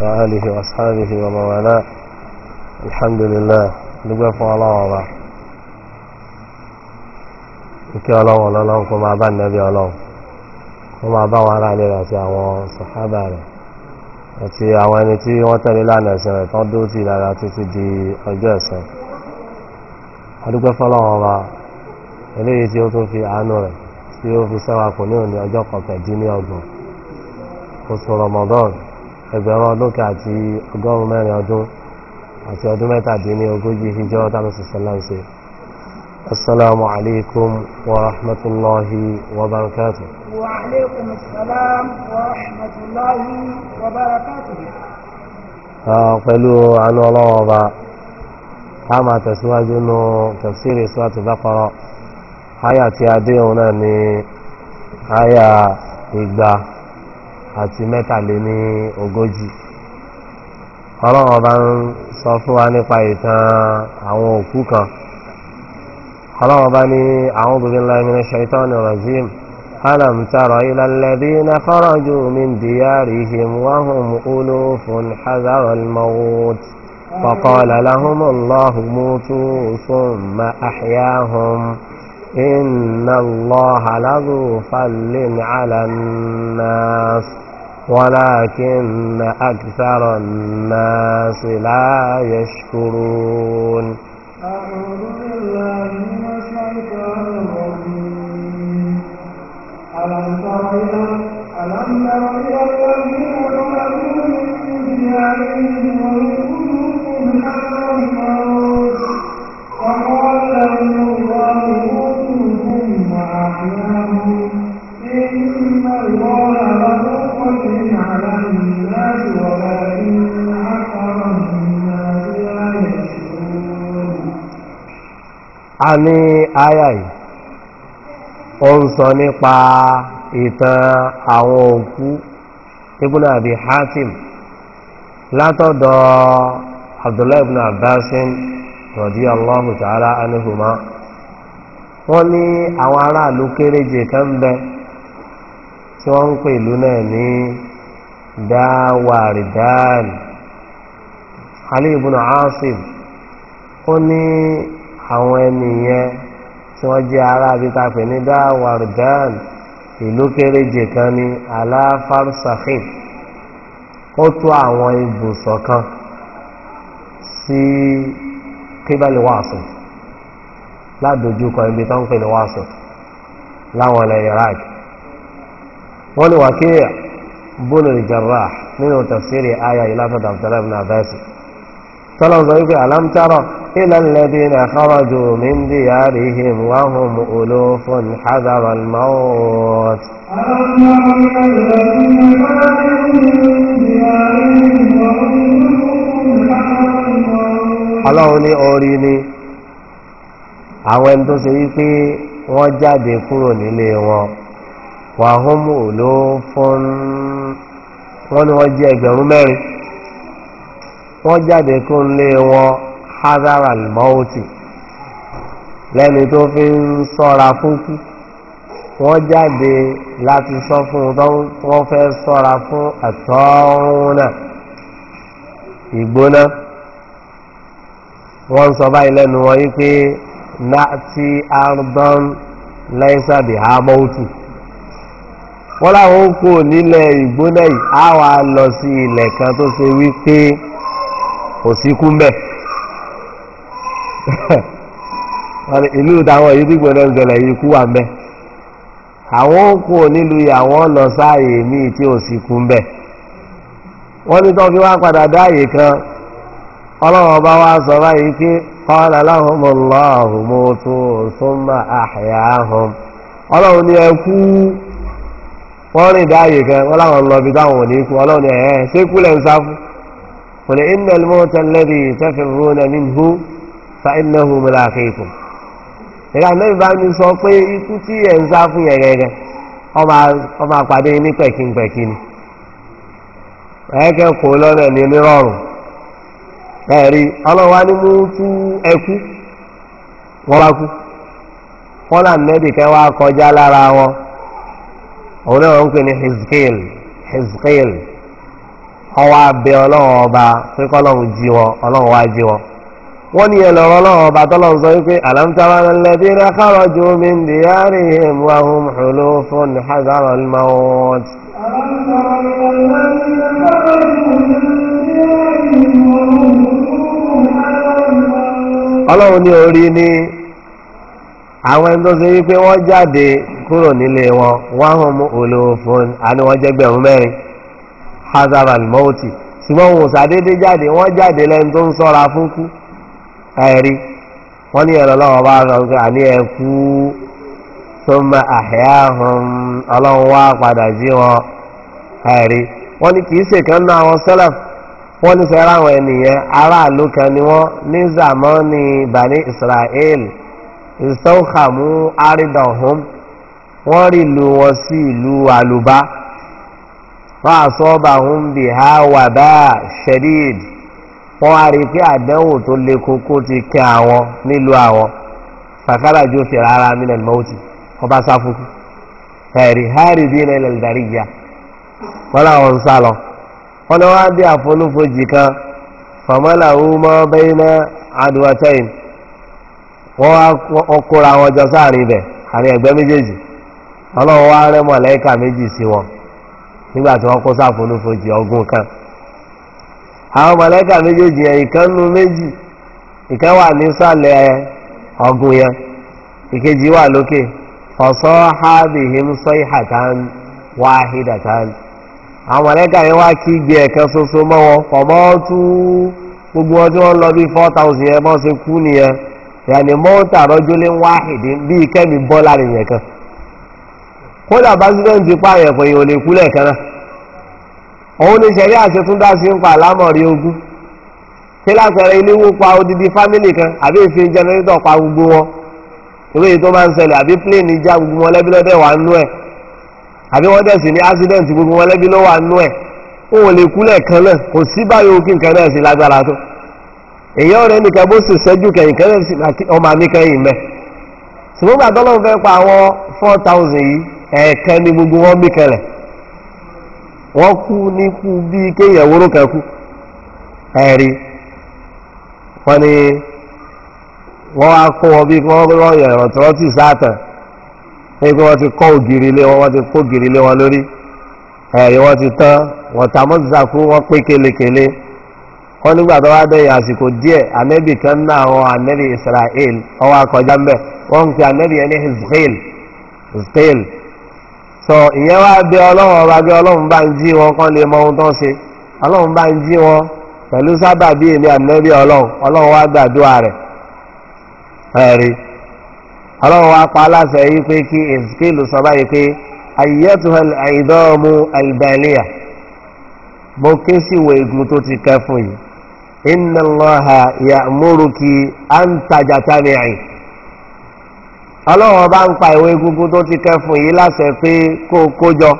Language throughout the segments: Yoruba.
وآله وأصحابه ومن والاه الحمد لله نقف الله وبا ìkẹ́ ọlọ́run ọlọ́run kó máa bá nàbí ọlọ́run kó ala bá ati ará nílẹ̀ àti àwọn sàhábà rẹ̀ àti àwọn ẹni tí wọ́n tẹ̀lé lánàá ẹ̀sìn rẹ̀ tán dó tì di ọjọ́ ẹ̀san adúgbò fọlọ́run ọba eléyìí tí ó tún fi àánú rẹ̀ fi ẹgbẹ̀rún ọdún kan àti ọgọ́rùn mẹ́rin ọdún àti ọdún mẹ́tàdínní ogójì hijọ́ tàbí sàlàǹsì asalaamu alaykum wa rahmatulahi wabarakatu. barakatu. wa aleykum salaam wa rahmatulahi wa barakatu. pẹ̀lú àánú ọlọ́wọ́ ọba a máa tẹ̀síwájú nù tafsiri sọ́ọ̀tù Baqara aya tí a dé òun náà ní aya igba. àti mẹ́tàléní ogójì ọlọ́run ọba ń sọ fún wa nípa ìtàn àwọn òkú kan ọlọ́run ọba ní a'udhu rajim alam tara ila alladhina kharaju min diyarihim wa hum ulufun hadara al-mawt فقال لهم ولكن أكثر الناس لا يشكرون أعوذ بالله من الشيطان الرجيم ألم تر إلى a ní àyà yìí ó ń sọ nípa ìtàn àwọn òkú ibùn àbí hatim látọ̀dọ̀ abdullahi ibn abbasin radiyallahu ta'ala anihuma wọ́n ní àwọn aráàlú kéréje kan ń bẹ tí wọ́n ń pè ìlú náà ní dáwàrídáàlì ali ibn asim ó ní àwọn ẹni tí wọ́n jẹ́ ará pè ní dáwàrúdán ìlú kéréje kan ní aláfàrúsàkìn ó tó àwọn ibùsọ̀ kan sí kíbálì wàásù ládojúkọ ibi tó ń pè ní wàásù láwọn ilẹ̀ iraq wọ́n ní nínú tafsiri aya ìlàtọ̀ dàbtàlá ibn abasi tọ́lọ́ sọ wípé إلى الذين خرجوا من ديارهم وهم ألوف حذر الموت ọlọ́run ní orí ni àwọn ẹni tó ṣe wípé wọ́n jáde kúrò nílé wọn wàhúnmù ló fún wọn ni wọ́n jẹ́ ẹgbẹ̀rún mẹ́rin wọ́n jáde kúrò nílé wọn hazara mọ́ọ̀tì lẹ́ni tó fi ń sọ́ra fún kú wọ́n jáde láti sọ fún un tó wọ́n fẹ́ sọ́ra fún àtọ́rùn náà ìgbóná wọ́n ń sọ báyìí lẹ́nu wọn yìí pé nàti ardọ́n lẹ́sàbí hamọ́ọ̀tù wọ́n láwọn ń kó nílẹ̀ ìgbóná yìí á wà lọ sí ilẹ̀ kan tó ṣe wí pé òsínkú mbẹ́. ìlú táwọn yìí dìgbò náà ń yìí kú wà ń àwọn òkú nílùú yìí àwọn lọ sáàyè míì tí ò sì kú ń wọ́n ní wá kan ọba wa sọ báyìí pé qala lahumullahu mutu thumma ahyahum ọlọ́run ní ẹ wọ́n rìn dáàyè kan wọ́n láwọn lọ bí táwọn ò ní kú ní ṣé ń kò ní fàínàhù mùlàkìkù ìgbà náà bá mi sọ pé ikú tí ẹ̀ ń sá fún yẹn gẹ́gẹ́ ọmọ àpàdé ní pẹ̀kínpẹ̀kí ni ẹ̀ẹ́kẹ́ kò lọ́nà ní nírọ̀rùn ẹ̀rí ọlọ́wà ní mú tú ẹkú wọ́n bá kú nẹ́bì kẹ́ wá kọjá lára wọn òun náà ń pè ní ọwọ́ ọba pé jí wọn wá jí wọn. wọ́n ní ẹ lọ́rọ́ náà ọba tọ́lọ́ sọ wípé àlàmtara lẹ́bí rẹ̀ kárọ̀ ju omi ń dìyàrí ìmúwa ohun ṣòló fún hazara mawọ́t. ọlọ́run ní orí ní àwọn ẹni tó ṣe wípé wọ́n jáde kúrò nílé wọn wọ́n hàn mú olóòfún àni wọ́n jẹ́gbẹ̀rún mẹ́rin hazara mawọ́t ṣùgbọ́n wọn ò sàdédé jáde wọ́n jáde lẹ́ni tó ń sọ́ra fún kú. ẹ̀rí wọ́n ní ọlọ́wọ́ bá sọ pé àní ẹ kú sọ́mà àhẹ́hùn ọlọ́run wá padà sí wọn ẹ̀rí wọ́n ní kìí ṣe kan náà àwọn sẹ́lẹ̀f wọ́n ní sẹ́ra àwọn ènìyàn aráàlú kan ni wọ́n ní zamani bani israel ìsọ́kàmú àrídọ̀hún wọ́n rí ìlú wọn sí ìlú àlùbá wọ́n àsọ́bà ha bìhá wàdà wọ́n wá rí i pé àdánwò tó le koko ti kẹ́ àwọn nílùú àwọn fàkàrà ju fi rárá mi nàìjíríà mọ́tì wọ́n bá sáfùkù ẹ̀rí hárì bí iná ilẹ̀ ìdarí ìyá wọ́n làwọn ń sá lọ wọ́n ní wọ́n á bí àfolúfojì kan na ọmọ bẹ́ẹ̀ náà adùwàtẹ́yìn wọ́n kóra wọn jọ sáàrin ibẹ̀ àní ẹ̀gbẹ́ méjèèjì ọlọ́wọ́ wá rẹ́ méjì sí wọn nígbà tí wọ́n kó ọgùn kan. àwọn mọ̀lẹ́kà méjèèjì yẹn ìkan nu méjì ìkan wà nísàlẹ̀ ọ̀gùn yẹn ìkejì wà lókè ọ̀sọ́ hábìhìm sayhatan wahidatan àwọn mọ̀lẹ́kà yẹn wá kí gbé ẹ̀kan soso mọ́ wọn tú gbogbo wọn tí wọ́n lọ bí four thousand yẹn bọ́ ṣe kú nìyẹn yàní mọ́tà rọ́júlé wáhìdì bíi kẹ́mi bọ́lá bi kan kódà bá ṣúgbọ́n ti pààyàn pé ò lè kú lẹ́ẹ̀kan òun ni sẹ̀rí àṣẹ tún dá sí ń pa àlámọ̀rí ogún ṣé lásọ̀rọ̀ ilé wó pa odidi fámìlì kan àbí èéfín jẹnẹrétọ̀ pa gbogbo wọn ìwé yìí tó máa ń ṣẹlẹ̀ àbí pléènì já gbogbo wọn lẹ́bí lọ́dẹ̀ wà nú ẹ̀ àbí wọ́n dẹ̀sí ní ásídẹ̀ǹtì gbogbo wọn lẹ́bí lọ́wọ́ nú ẹ̀ òun lè kú lẹ́ẹ̀kan náà kò sí báyìí òkè nǹkan náà sí lágbára tó èèyàn rẹ̀ nìkan bó sì ṣẹ́jú kẹ̀yìn four thousand yìí ẹ̀ẹ̀kan ni gbogbo wọn wọ́n kú níkú bí kú ẹ̀rí wọ́n ní wọ́n wọn bí wọ́n lọ́ọ́ yọ̀ tí wọ́n ti sáàtàn ní ti kọ́ ògiri wọ́n ti kó ògiri wọn lórí ẹ̀rí wọ́n ti tán wọ́n ta mọ́tìsá fún wọn pé kelekele wọ́n nígbà tó wá àsìkò díẹ̀ anẹ́bì kan sọ ìyẹn wá bẹ ọlọ́run ọba bí ọlọ́run bá ń jí wọn kán lè mọ ohun tó ń ṣe ọlọ́run bá ń jí wọn pẹ̀lú sábà bíi èmi ànábì ọlọ́run ọlọ́run wá gbàdúrà rẹ̀ ẹ̀rí ọlọ́run wá pa aláṣẹ yìí pé kí ezekiel sọ báyìí pé àìdọ́ọ̀mù àìbẹ̀lẹ́yà mo ké sí ìwé tó ti kẹ́ fún yìí ọlọ́run bá ń pa ìwé egungun tó ti kẹ́ fún yìí láṣẹ pé kó kójọ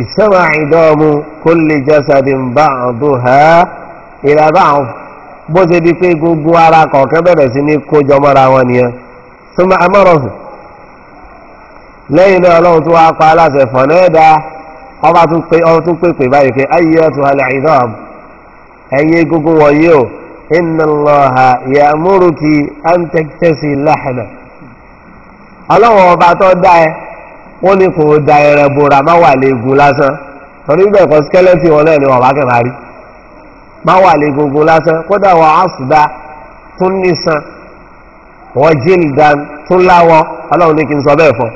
ìṣẹ́wọ̀n àìdọ́ọ̀mù kó lè jẹ́sàdì ń bá àwọn bó ṣe di pé gbogbo ara kọ̀ọ̀kan bẹ̀rẹ̀ sí ní kó jọ mọ́ra wọn nìyẹn tó máa mọ́rọ̀sùn lẹ́yìn náà ọlọ́run tó wá pa aláṣẹ fọ̀nà ọlọ́wọ́n ọba tó dá ẹ wọ́n ní kò da ẹrẹ bora má wà léegun lásán torí bẹ́ẹ̀ kọ́ skeleton wọn náà ni wọ́n bá kẹ́ máa rí má wà léegun lásán kódà wọ́n á tún nìsan wọ́n jíìlì dan tún láwọ́ ọlọ́run ní sọ bẹ́ẹ̀ fọ́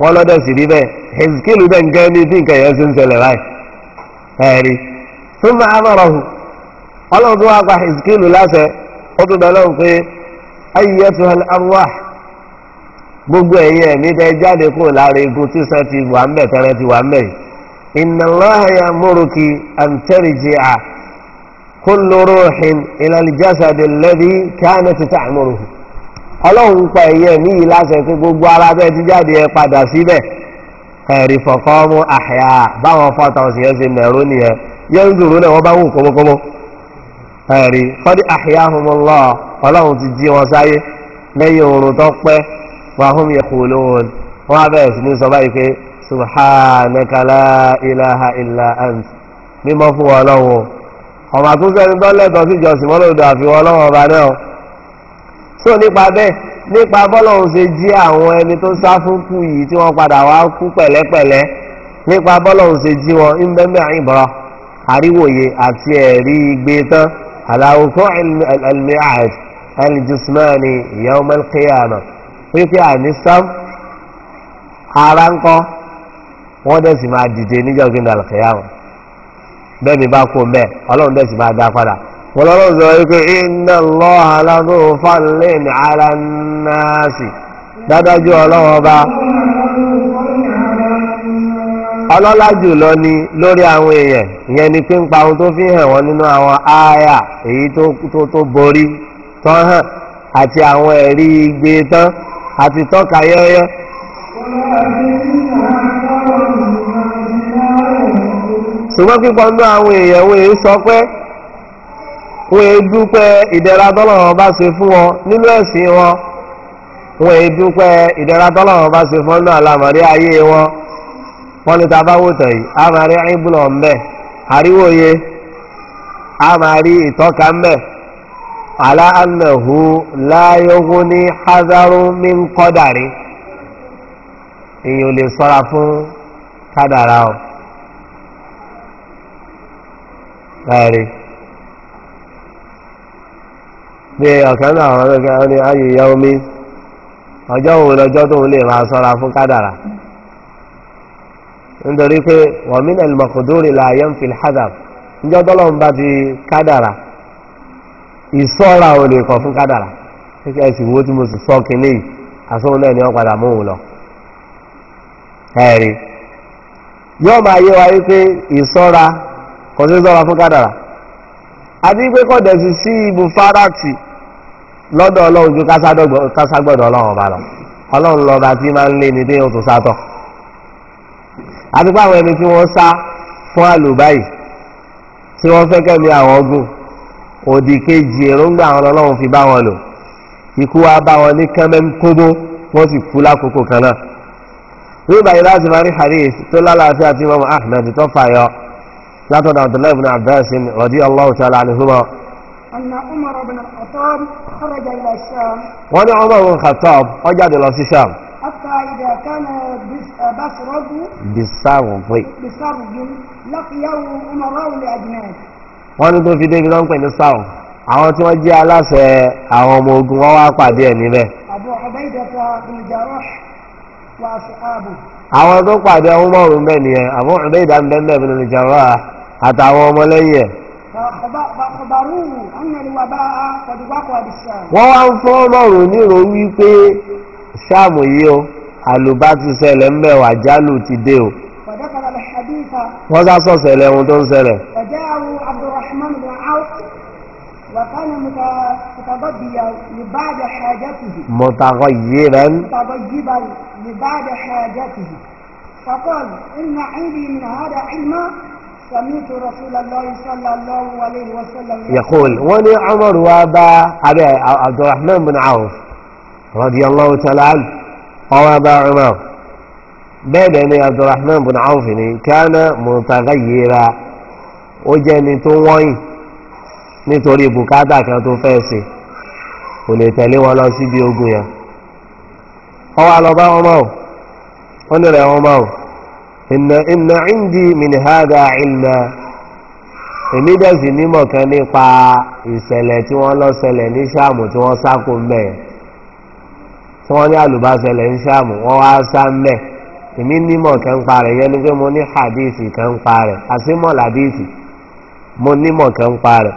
wọ́n sì rí bẹ́ẹ̀ bẹ́ẹ̀ ń gẹ́ ní bí nǹkan yẹn ti ń báyìí tún máa hù wá lásẹ̀ ó tún gbogbo eyi ẹ̀mí tẹ jáde kúrò lára egun tí sàn ti wà ń bẹ̀ tẹ́rẹ́ ti wà ń bẹ̀ inna Allaha hin ila al-jasadi alladhi kanat ọlọ́run pa ẹ̀yin ẹ̀mí yìí láṣẹ pé gbogbo ara bẹ́ẹ̀ ti jáde ẹ padà síbẹ̀ eri fọ̀kọ́ mú àhẹ́à báwọn fọ́tà ọ̀sìn yẹn ṣe mẹ̀rún nìyẹn yẹn dùrú náà wọ́n bá wù ọlọ́run ti jí wọn sáyé lẹ́yìn oorun وهم يقولون وهذا يسمون صبايك سبحانك لا إله إلا أنت مما فهو له ọmọ àtúnṣe ẹni tó lẹ́tọ̀ọ́ sí ìjọsìn mọ́lòdì àfihàn ọlọ́wọ́ ọba náà so nípa bẹ́ẹ̀ nípa bọ́lọ́hún ṣe jí àwọn ẹni tó sá fún kú yìí tí wọ́n padà wá kú pẹ̀lẹ́pẹ̀lẹ́ nípa bọ́lọ́hún ṣe jí wọn ń bẹ́ẹ̀ mẹ́rin bọ́rọ̀ àríwòye àti ẹ̀rí igbe tán aláwùkọ́ ẹ̀lmí àìsàn ẹ̀lìjùsùmọ́ ni ìyá ọmọ kíyàmà pé kí ara ń kọ́ wọ́n dẹ̀ máa dìde níjọ́ bẹ́ẹ̀ mi bá kú bẹ́ẹ̀ ọlọ́run dẹ̀ máa dá padà wọ́n lọ́rọ̀ sọ wípé ala an ọlọ́run ọba ọlọ́lá jùlọ ni lórí àwọn èèyàn ìyẹn ni pé ń fi hàn nínú àwọn àyà èyí tó borí tán hàn àti àwọn ẹ̀rí àti tọ́ka yọ́yọ́. ṣùgbọ́n pípọ̀ ń àwọn èèyàn wọ́n sọ pé wọ́n dúpẹ́ bá ṣe fún wọn nínú ẹ̀sìn wọn wọ́n dúpẹ́ bá ṣe fún ayé wọn wọ́n ní ta bá wò yìí a máa rí ń على أنه لا يغني حذر من قدره إن لصرف قدره láàrin bí ọ̀kan náà àwọn ọ̀rẹ́gbẹ́ ní ayé ìyá omi ọjọ́ òun lọ́jọ́ tó ń lè máa sọ́ra fún kádàrà nítorí pé wọ̀mínà ìmọ̀kòdórè là yẹn fi hádàr níjọ́ tọ́lọ́run bá ti kádàrà ìṣọ́ra ò lè kọ̀ fún kádàrà kíkẹ́ ẹ̀sìn tí mo sì sọ kínní yìí ni wọ́n padà mú lọ. ẹ̀rí yóò ma yé wa pé sí sọ́ra fún kádàrà àti pé kò dẹ̀ sí sí ibùfárátì lọ́dọ̀ ọlọ́run ju káságbọ́dọ̀ ọlọ́run ọba lọ ọlọ́run tí máa ń lé ní òdì kejì èròǹgbà àwọn ọlọ́run fi bá wọn lò ikú wa bá wọn ní kẹ́mẹ́m kóbó wọ́n sì kú lákòókò kan náà rúbà yìí láti máa rí hadith tó lálàáfíà àti imam ahmed tó fàyọ látọ̀dọ̀ abdullahi ibn abbas radiyallahu ta'ala anhuma. anna umar wọ́n ní umar ibn al-khattab lọ sí sham. hatta idha kana basradu. bisarugi. bisarugi wọ́n ní tó fi débi lọ́n pè ní south àwọn tí wọ́n jẹ́ aláṣẹ àwọn ọmọ ogun wọ́n wá pàdé ẹ̀ níbẹ̀. àwọn tó pàdé ọmọ mọ́rùn bẹ́ẹ̀ nìyẹn Abu Ubayda bẹ́ẹ̀ bin al-Jarrah àtàwọn ọmọlẹ́yìn ẹ̀. wọ́n wá ń fún ọmọrùn nírò wípé sáàmù yìí o àlùbá ti ṣẹlẹ̀ ń bẹ̀ wà jálù ti dé o. wọ́n sá sọ̀sẹ̀ lẹ́hun tó ń ṣẹlẹ̀. يكون متغيبا لبعض حاجته متغيبا متغيرا لبعض حاجته فقال إن عندي من هذا علما سمعت رسول الله صلى الله عليه وسلم يقول وني عمر وابا أبي عبد الرحمن بن عوف رضي الله تعالى عنه وابا عمر بين عبد الرحمن بن عوف كان متغيرا وجنت وين nítorí bùkátà kan tó fẹ́ ṣe kò lè tẹ̀lé wọn lọ síbi ogun yẹn ó wá lọ bá wọn mọ́ ó ní rẹ̀ wọn mọ́ inna indi min hada ilma èmi dẹ̀sí nímọ̀ kan nípa ìṣẹ̀lẹ̀ tí wọ́n lọ ṣẹlẹ̀ ní ṣáàmù tí wọ́n sáko mbẹ̀ tí wọ́n ní àlùbáṣẹlẹ̀ ní ṣáàmù wọ́n wá sá mbẹ̀ èmi nímọ̀ kan ń parẹ̀ yẹn ni pé mo ní hadisi kan ń parẹ̀ àṣìmọ̀ làdíìsì mo nímọ̀ kan ń parẹ̀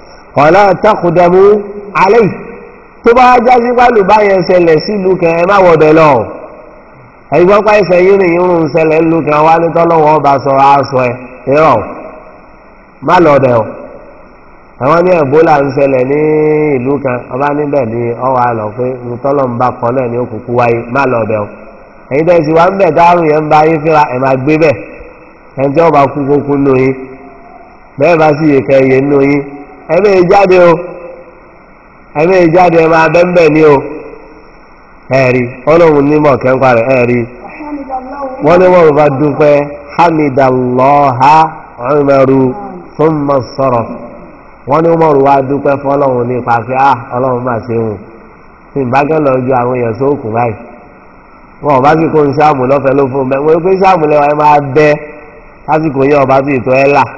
ọ̀la takùdàmú alẹ́ tó bá já sí pálù báyẹn ṣẹlẹ̀ sílùú kan ẹ má wọ̀dẹ̀ lọ ẹ̀gbọ́n pa ẹsẹ̀ yìí nìyí ń ṣẹlẹ̀ ńlùú kan wá ní tọ́lọ́wọ́ ọba sọ aṣọ ẹ̀ ẹ̀rọ má lọ́dẹ̀ o àwọn ní ẹ̀bólà ń ṣẹlẹ̀ ní ìlú kan ọba níbẹ̀ ni ọwọ́ àlọ́ pé ntọ́lọ́mùbá kan náà ní òkùnkùn wáyé má lọ́dẹ̀ o ẹ̀yin tẹ́ ti wá ń bẹ̀ dárùn yẹn ń bá yín fíra ẹ̀ máa gbé bẹ̀ ẹ̀ńtẹ́ ọba kú nù yín bẹ́ẹ̀ bá sì yè kẹ́ yé nù yín ẹ̀mẹ́ ìjáde o ẹ̀mẹ́ ìjáde ẹ̀ o ẹ̀rí ọlọ́run nímọ̀ kẹ́ńpa rẹ̀ ẹ̀rí wọ́n ní wọ́n bá dúpẹ́ hamidalọ́ha sọ̀rọ̀ wọ́n wọ́n wá dúpẹ́ ah, ọlọ́run ṣe ìbágẹ́ lọ ju àwọn èèyàn sóòkùn báyìí wọn ò bá sì kó ń lọ́fẹ̀ẹ́ ló fún un bẹ́ẹ̀ wọ́n pé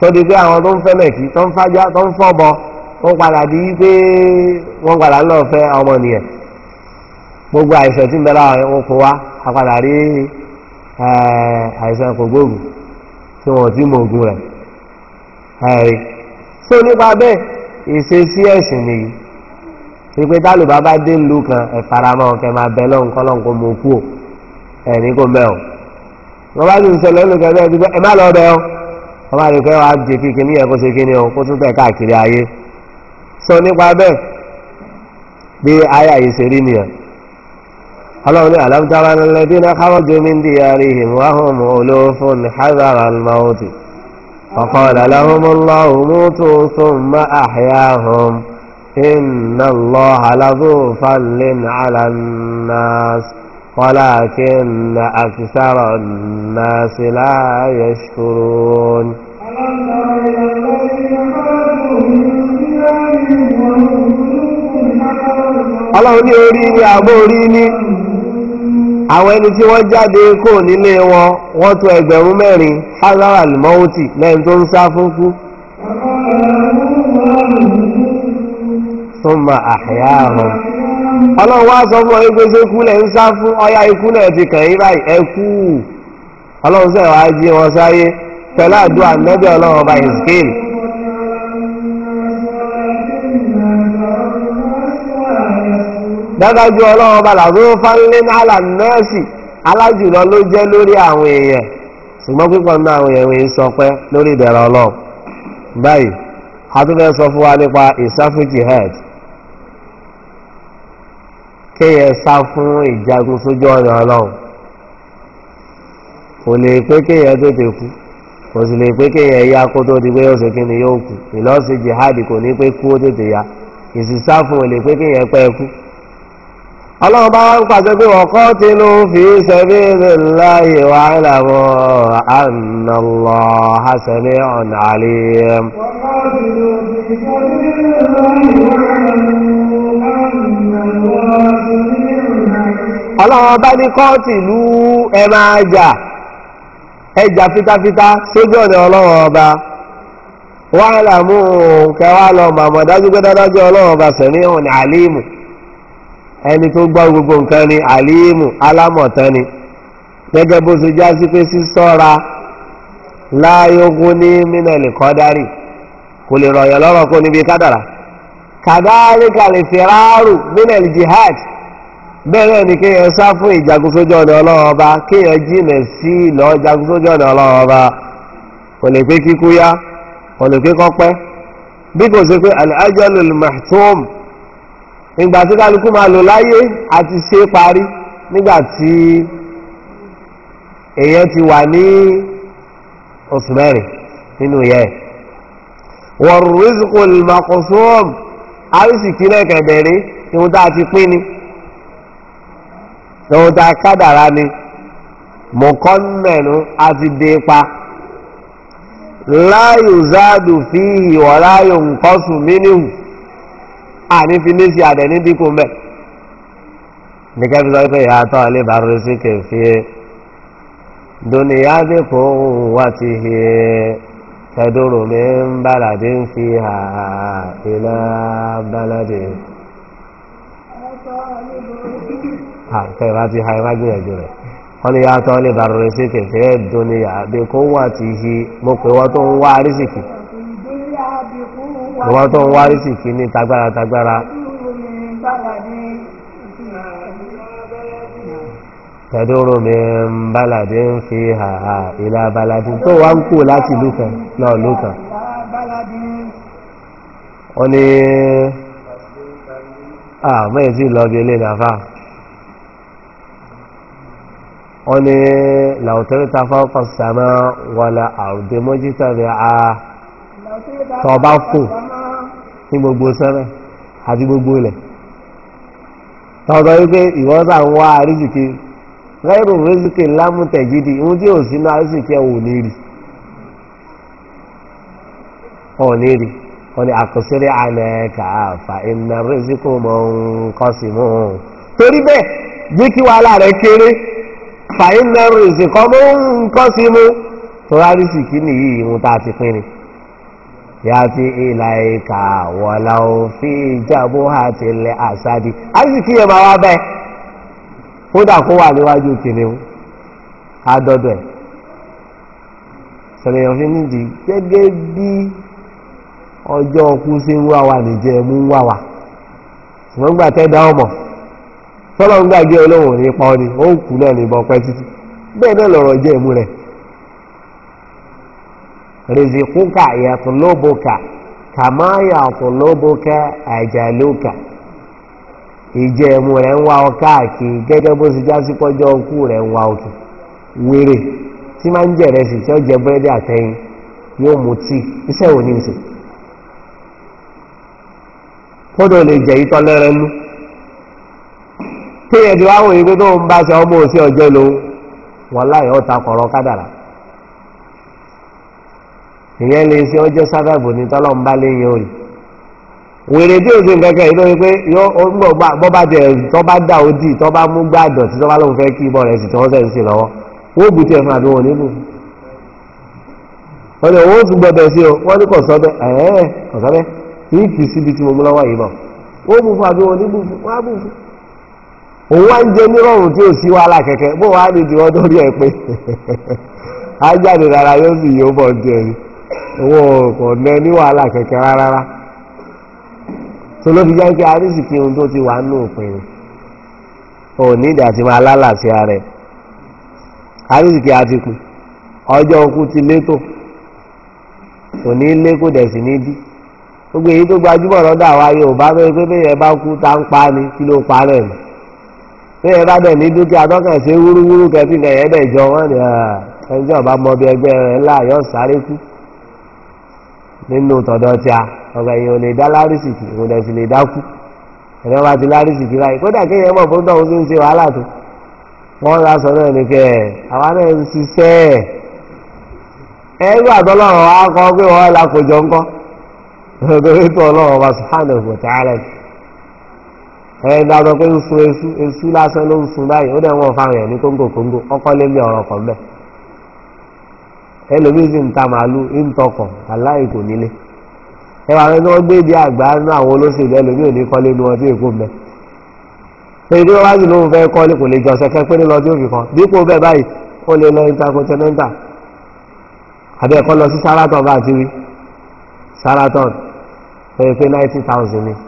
sọ́dí pé àwọn tó ń fẹ́ mẹ̀kí tó ń fájá tó ń fọ́bọ wọ́n padà di pé wọ́n padà lọ́ọ́ fẹ́ ọmọ nìyẹn gbogbo àìsàn tí ń bẹ láwọn ẹ̀wọ̀n kó wá àpadà rí àìsàn kògbóògùn tí wọ́n ti mọ ògùn rẹ̀ ẹ̀rí tó nípa bẹ́ẹ̀ ìṣesí ẹ̀sìn nìyí ìpè tálùbá bá dé ìlú kan ẹ̀faramọ́ kẹ máa bẹ lọ́hùn kọ́ lọ́hùn kó mọ kú ò ẹ̀rí kó mẹ́ ò wọ́n bá ti ń ṣẹlẹ̀ ẹ̀lùkẹ́ bẹ́ẹ̀ ti gbọ́ ẹ má lọ bẹ́ẹ̀ o wọ́n máa rí pé wàá jẹ kí kíní yẹn kó ṣe kíní o kó tún tẹ̀ káàkiri ayé sọ nípa bẹ́ẹ̀ bí ayé àyè ṣe rí nìyẹn ọlọ́run ní àlámtára lẹ́dí náà káwọ́ jomi ń dìyàrí ìhìnwáhùn olófún ولكن أكثر الناس لا يشكرون ọlọ́run ní orí ní àbó orí ní àwọn ẹni tí wọ́n jáde kò nílé wọn wọ́n tó ẹgbẹ̀rún mẹ́rin hazara lmọ́ọ̀tì lẹ́yìn tó ń sá fún kú tó ma àhíyá ọ̀hún ọlọ́run wá sọ fún ọ yí pé kú lẹ̀ ń sá fún ọyá ikú ti kàn báyìí ẹ kú wọn sáyé pẹ̀lú àdúrà nẹ́bí ọlọ́run ọba ìskéèlì. dádájú ọlọ́run ọba làbúrò fánlé náà nọ́ọ̀sì alájùlọ ló jẹ́ lórí àwọn èèyàn ṣùgbọ́n pípọ̀ náà àwọn èèyàn ń sọ pé lórí ọlọ́run báyìí sọ fún kéèyàn sá fún ìjagun sójú ọ̀nà ọlọ́run kò lè pé kéèyàn tètè kú kò sì lè pé kéèyàn kó tó ti pé yóò ṣe yóò kú ìlọ́sí jihadi kò ní pé kú ó tètè fún ò pé kéèyàn pẹ́ kú ọlọ́run bá pàṣẹ pé tí ló fi wa ọlọ́wọ́n bá ní kọ́ọ̀tì lú ẹ máa ẹjà fitafita sójú ọ̀nà ọlọ́wọ́n ọba wàhálà mú kẹwàá lọ màmọ́ dájú pé dájú ọba sẹ̀mí ọ̀hún ní àlímù ẹni tó gbọ́ gbogbo nǹkan ni àlímù alámọ̀tán ni gẹ́gẹ́ bó ṣe pé sísọ́ra láyógún ní kọ́dárì kò lè rọ̀yàn lọ́rọ̀ kó jihad bẹ́ẹ̀ ni kéèyàn sá fún ìjagun sójú ọba kéèyàn jìnà sí ìlọ ìjagun ọ̀nà ọba kò lè pé kíkú yá kò lè pé kọ́pẹ́ bí kò sí pé al-ajalul ìgbà tí kálukú máa lò láyé àti ṣe parí nígbà tí èèyàn ti wà ní oṣù mẹ́rin nínú yẹ àrísìkí a ni. sọ̀dà kádàrá ni mọ̀kọ́nmẹ̀nu àti dépa láyò záàdù fi ìwọ̀ láyò nǹkan sùn mínìhù ànífinésì àdẹ̀nídìkú mẹ́ nìkẹ́ fi sọ pé ìyàtọ̀ ilé atọ sí kẹfì dùnìyà dìkú ti hì tẹdúró mi ń bàlàdé ń fi hà bàlàdé. ha haiwazi jure wani ti shi mo ń wá risiki wato ń wá risiki mi ń bálàdé ń fi ha ìlà bálàdé tó wá ń kú láti náà wọ́n nàfà wọ́n ní làwùtẹ́rẹ́ ta fáfà sàmà wàlà àrùdé mọ́jítà rẹ̀ a tọba fò ní gbogbo sẹ́rẹ̀ àti gbogbo ilẹ̀ tọ́jọ́ wípé ìwọ́sà ń wá àríjìkì rẹ́rù rẹ́sìkì lámùtẹ̀gidi ohun tí ò sínú àríjìkì ẹ̀ ò ní rí ọ̀ ní rí wọ́n ní àkọsílẹ̀ àlẹ́ kàáfà ìnà rẹ́sìkì mọ̀ ń kọ́ sí mọ́ torí bẹ́ẹ̀ jẹ́ kí wàhálà rẹ̀ fàyínà rìsìkọ́ ló ń kọ́ sí mú tọ́lárí sì kí nìyí ìhun ti pín ni. ti ìlà ìka wọ̀là òfin ìjàmbó àtìlẹ̀ àsádi àrísìkí yẹn máa wá bẹ́ẹ̀ kódà kó wà níwájú kìnìún ká dọ́dọ̀ ẹ̀ sọ̀rọ̀ nídìí gẹ́gẹ́ bí wa nìjẹ́ mú tọ́lọ́ ń gbàgbé ọlọ́run ní pa ọ́ni kù náà ní ìbọn pẹ́ títí bẹ́ẹ̀ náà lọ̀rọ̀ jẹ́ ìmú rẹ̀ rìzìkúkà yàtọ̀lọ́bùkà kàmá yàtọ̀lọ́bùkà àjàlókà ìjẹ́ ìmú rẹ̀ ń wá ọ káàkiri gẹ́gẹ́ bó ti jásí pọ́jọ́ ọkú rẹ̀ ń wá òkè wéré tí máa ń jẹ́ búrẹ́dì yóò mú iṣẹ́ òní ìsìn kódò lè jẹ́ kéèyàn ti wá wòye tó ń bá ṣe ọmọ òsì ọjọ́ lòun wọn láyọ̀ ọ̀ta kọ̀rọ̀ kádàrà ìyẹn lè ṣe ọjọ́ sábàbò ní tọ́lọ́mù bá lè òrì wèrè tí òsè kẹkẹ yìí dà ó dì mú gbá dọ̀tí tọ́ bá fẹ́ kí ibọ̀ rẹ̀ sì tọ́ fún àbí wọn òun wá ń jẹ nírọ̀rùn tí ò sí wàhálà kẹ̀kẹ́ bó wàá ní tiwọn tó rí ẹ pé ajáde rárá yóò sì yóò bọ̀ ní owó nẹ ní wàhálà kẹ̀kẹ́ rárá tó ló fi jẹ́ ohun tó ti wà nù òpin kù ọjọ́ ti létò kò ní lé dẹ̀ sí gbogbo èyí tó gbajúmọ̀ lọ́dọ̀ àwa bẹ́ẹ̀ pé bẹ́ẹ̀ bá kú tí ẹ bá dẹ̀ ní dúkìá tọ́kàn ṣe wúrúwúrú kẹtí nǹkan yẹn dẹ̀ jọ wọ́n ni ẹnjẹ́ ọba mọ bí ẹgbẹ́ rẹ̀ ńlá yọ sáré kú nínú tọ̀dọ̀ tí a ò lè dá lè dá kú ti kódà kí mọ̀ fún tọ̀hún tó ń ṣe wàhálà tó wọ́n e sọ pé ń sun esu esu lásán ló ń sun báyìí ó dẹ̀ wọ́n fa ní kóńgò kóńgò ọkọ sì ń ta màálù ń aláì kò nílé ni wọ́n gbé ibi àgbà nínú àwọn olóṣèlú ẹlòmíín ò ní kọ́lé ní wọn tí èkó pé ibi wọn bá sì lóun fẹ́ kọ́lé kò lè pé lọ sí òfin kan dípò bẹ́ẹ̀ báyìí ó lè lọ intercontinental àbí ẹ̀kọ́ lọ sí Sheraton bá ti wí Sheraton pé pé ni.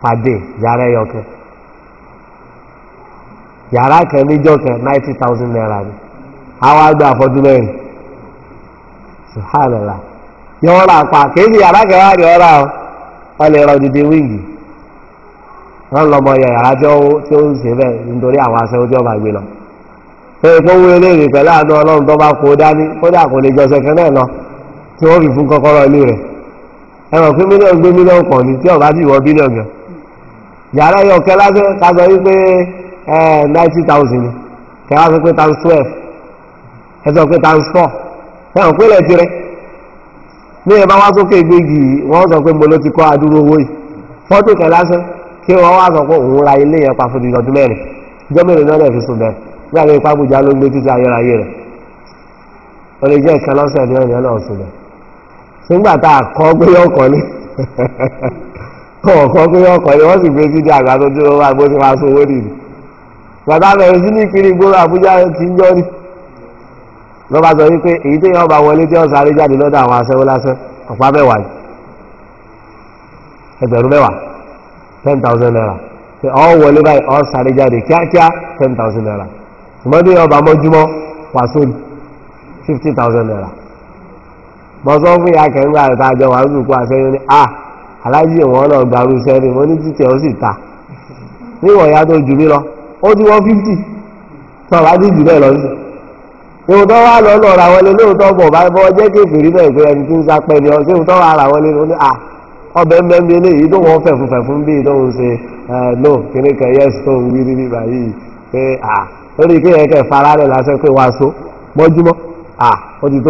pàdé yàrá yara kan yàrá ke níjọ naira ni àwọn àgbà àfọdún mẹ́rin subhanallah pa kìí ṣe yàrá kan wá ní ọ̀rá o wọ́n lè rọ dídí yàrá tí ó tí ó ń ṣe bẹ́ẹ̀ nítorí àwọn aṣọ ojú ọba gbé lọ ṣé ipò wo eléyìí pẹ̀lú àánú ọlọ́run tó bá kó dání kò lè yàrá yọ kẹ lásán ká sọ wípé ẹ ninety thousand ni kẹ wá sọ pé times twelve ẹ pé times four ẹ pé ní ẹ bá wá sókè gbégi wọ́n sọ pé mo ló ti owó yìí fọ́tò kẹ kí wọ́n wá sọ pé òun ra ilé yẹn ọdún ìjọ náà lè ọ̀kan pé ọkọ̀ yẹn wọ́n sì gbé bídí àgbà tó dúró wá gbó tí wọ́n aṣọ bàbá bẹ̀rẹ̀ sí ní kiri gbóró Àbújá ti ń jọ́ ni lọ́ bá sọ wípé èyí tí yẹn bá wọlé tí sáré jáde àwọn lásán ten thousand naira ṣe ọ́ wọlé báyìí ọ́ sáré jáde kíákíá ten thousand naira ṣùgbọ́n tí bá mọ́júmọ́ fifty thousand naira fún aláàjì wọn náà gbarú sẹ́rin mo ní títẹ̀ ó sì ta níwọ̀n ya tó jù mí lọ ó ti wọ́n fífítì náà bá ti jù bẹ́ẹ̀ lọ sí ìwòtọ́ wa lọ lọ ra wọlé lóòótọ́ bọ̀ bá bọ́ jẹ́ kéferì bẹ́ẹ̀ pé ẹni tí ń sapẹ́ ni ọ sí ìwòtọ́ wa ra wọlé ló ní à ọbẹ̀ mẹ́mí eléyìí tó wọ́n fẹ̀fún fẹ̀fún bí tó ń ṣe no kíní kan yẹ́ tó ń wí níbí báyìí pé à lórí kí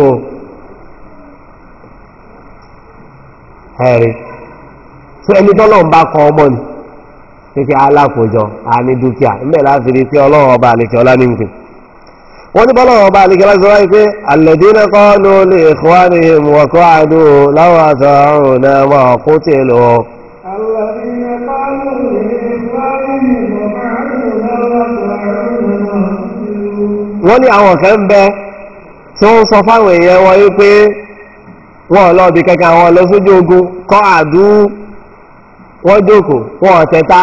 tí ẹni tọ́lọ́run bá kọ ọmọ ni pé alákòjọ àní dúkìá ńbẹ̀ láti rí pé ọlọ́run ọba àlejò ọlá ní nǹkan wọ́n ní bọ́lọ́run ọba àlejò ọlá sọ wáyé pé alladhina qalu li ikhwanihim wa qa'adu law ata'una ma qutilu. alladhina qalu li ikhwanihim wa qa'adu law wọ́n ní àwọn kan bẹ tó ń sọ fáwọn èèyàn wọ́n yí pé wọ́n lọ́ọ́ bí kankan àwọn lọ sójú ogun qa'adu wọ́n jókòó wọn ọ̀tẹ̀ta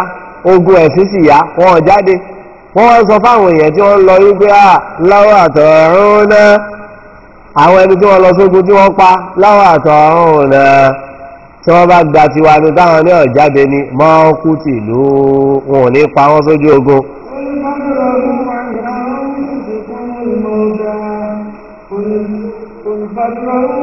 ogun ẹ̀sìn sì yá wọn jáde wọ́n sọ fáwọn èèyàn tí wọ́n lọ wípé à láwọn àtọ̀rún náà àwọn ẹni tí wọ́n lọ sógun tí wọ́n pa láwọn àtọ̀rún náà tí wọ́n bá gba tiwa ní táwọn ní ọ̀jáde ni máa kú tìlú wọn ní pa wọ́n sójú ogun. Thank you.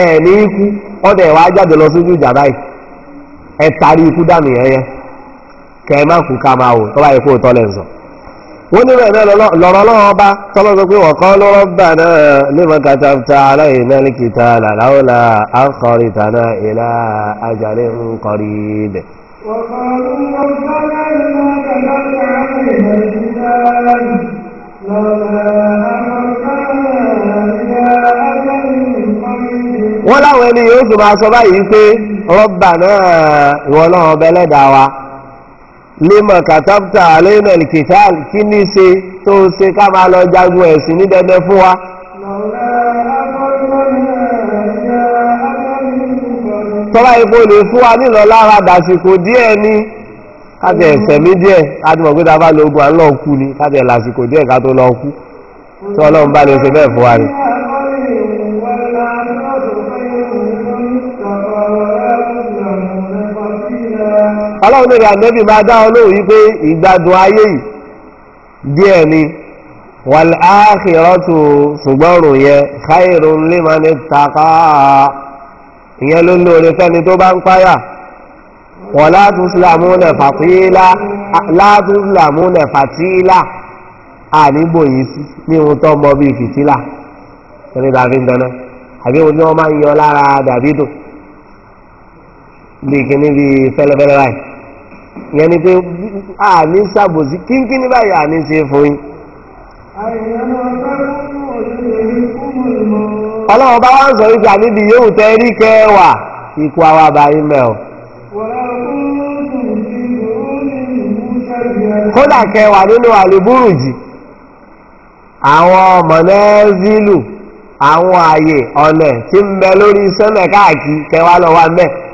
ẹ n'iku, ikú ọdẹ ìwà ajáde lọ sójú ìjà báyìí ẹ tarí ikú dànù yẹn yẹn kẹ má kú ká máa wò tọ́ba yẹ kó o tọ́lẹ̀ nsọ. wọ́n ní bẹ́ẹ̀ náà lọ́wọ́ bá tọ́lọ́ sọ pé náà wọ́n láwọn ẹni yóò tún máa sọ báyìí pé rọ́bà náà ìwọ náà ọbẹ̀ lẹ́dàá wa lèmọ̀ kàtàkùtà àlẹ́nà kìtà kí ní ṣe tó ṣe ká máa lọ jagun ẹ̀sìn ní dandan fún wa. tọ́lá ipò lè fún wa nílọ lára dàsìkò díẹ̀ ní kájẹ̀ ẹ̀sẹ̀mí díẹ̀ láti pé tá a bá lo ogun à ń lọ ni kájẹ̀ làsìkò díẹ̀ ká tó lọ kú tí bá lè ṣe bẹ́ẹ̀ fún wa ni. ọlọ́run lè rí ànẹ́bì máa dá olóòwò yí pé ìgbádùn ayé yìí díẹ̀ ni wal akhiratu ṣùgbọ́n rò yẹ khairun liman ittaqa ìyẹn ló lóore fẹ́ni tó bá ń páyà wọ́n látúnṣìlámúnẹ̀ fàtílà látúnṣìlámúnẹ̀ sí ní ohun tó mọ bíi fìtílà bí kíní bí fẹ́lẹ́fẹ́lẹ́ báyìí yẹn ni pé àní ṣàbòsí kínkínní báyìí àní ṣe fún yín. ọlọ́run bá wá ń sọ wípé àníbi yóò tẹ rí kẹwàá ikú àwa báyìí mẹ́ o. kódà kẹwàá nínú àlùbúrùjì àwọn mọ̀nẹ́sílù àwọn ààyè ọ̀nà tí ń bẹ lórí sẹ́mẹ̀ káàkiri kẹwàá lọ́wọ́ mẹ́ẹ̀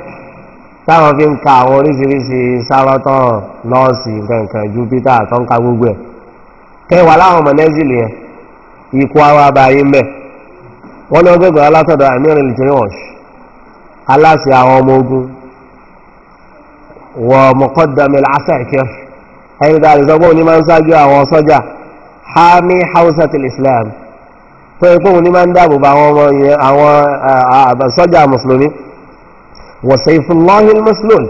táwọn fi ń ka àwọn oríṣiríṣi sárọ́tọ̀ nọ́ọ̀sì nǹkan júpítà tó ń ka gbogbo ẹ̀ kẹwàá láwọn mọ̀nẹ́sìlì yẹn ikú àwọn abayé ń bẹ̀ wọ́n ní wọ́n gbẹ̀gbẹ̀ alásọ̀dọ̀ àmìrìn lìtìrìwọ̀n aláṣẹ àwọn ọmọ ogun wọ mọ̀kọ́dàmì lásàkíọ́ ẹni tá a lè sọ pé òun máa ń ṣáájú àwọn sọ́jà hami hausa til islam pé pé òun máa ń dáàbò wa sayfullahi al-maslul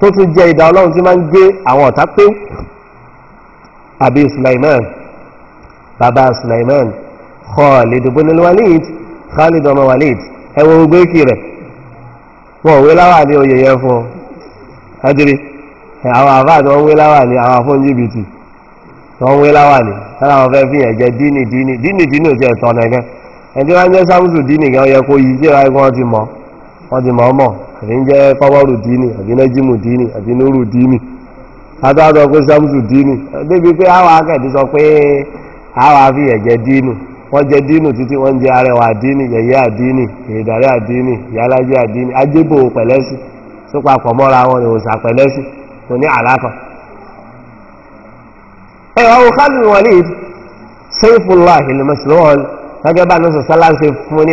tó tún jẹ́ ìdá ọlọ́run tí máa ń gé àwọn ọ̀tá pé àbí Sulaiman bàbá Sulaiman Khalid ibn al-Walid Khalid ọmọ Walid ẹ̀wọ̀n ogun èkì rẹ̀ láwà ní oyè yẹn fún ọ àwọn àfáà wọ́n wé láwà ní àwọn afọ́n jìbìtì wọ́n wé láwà ní lára àwọn fẹ́ fi yẹn jẹ díìnì díìnì díìnì díìnì ẹ̀tọ́ nẹ̀gẹ́ ẹni tí wọ́n jẹ́ sáwùsù díìnì gan yẹ kó yí jẹ́ wáyé kí wọ́n ti mọ̀ wọ́n ti mọ̀ ọ́ e ń jẹ́ fáwárù díìnì àbí nájímù díìnì àbí nórù dini adúlọ́dọ̀ pé sámùsù díìnì débi pé àwọn akẹ́dì sọ pé àwọn afi ẹ̀jẹ̀ díìnì wọ́n jẹ dinu títí wọ́n jẹ arẹwà àdíìnì yẹ̀yẹ́ àdíìnì ìrìdàrí àdíìnì ìyálájẹ́ àdíìnì ajébò pẹ̀lẹ́sì tó wọn ni òòsà pẹ̀lẹ́sì kò ni alaka ẹ gẹ́gẹ́ bá ní sọ sálá ṣe fún ní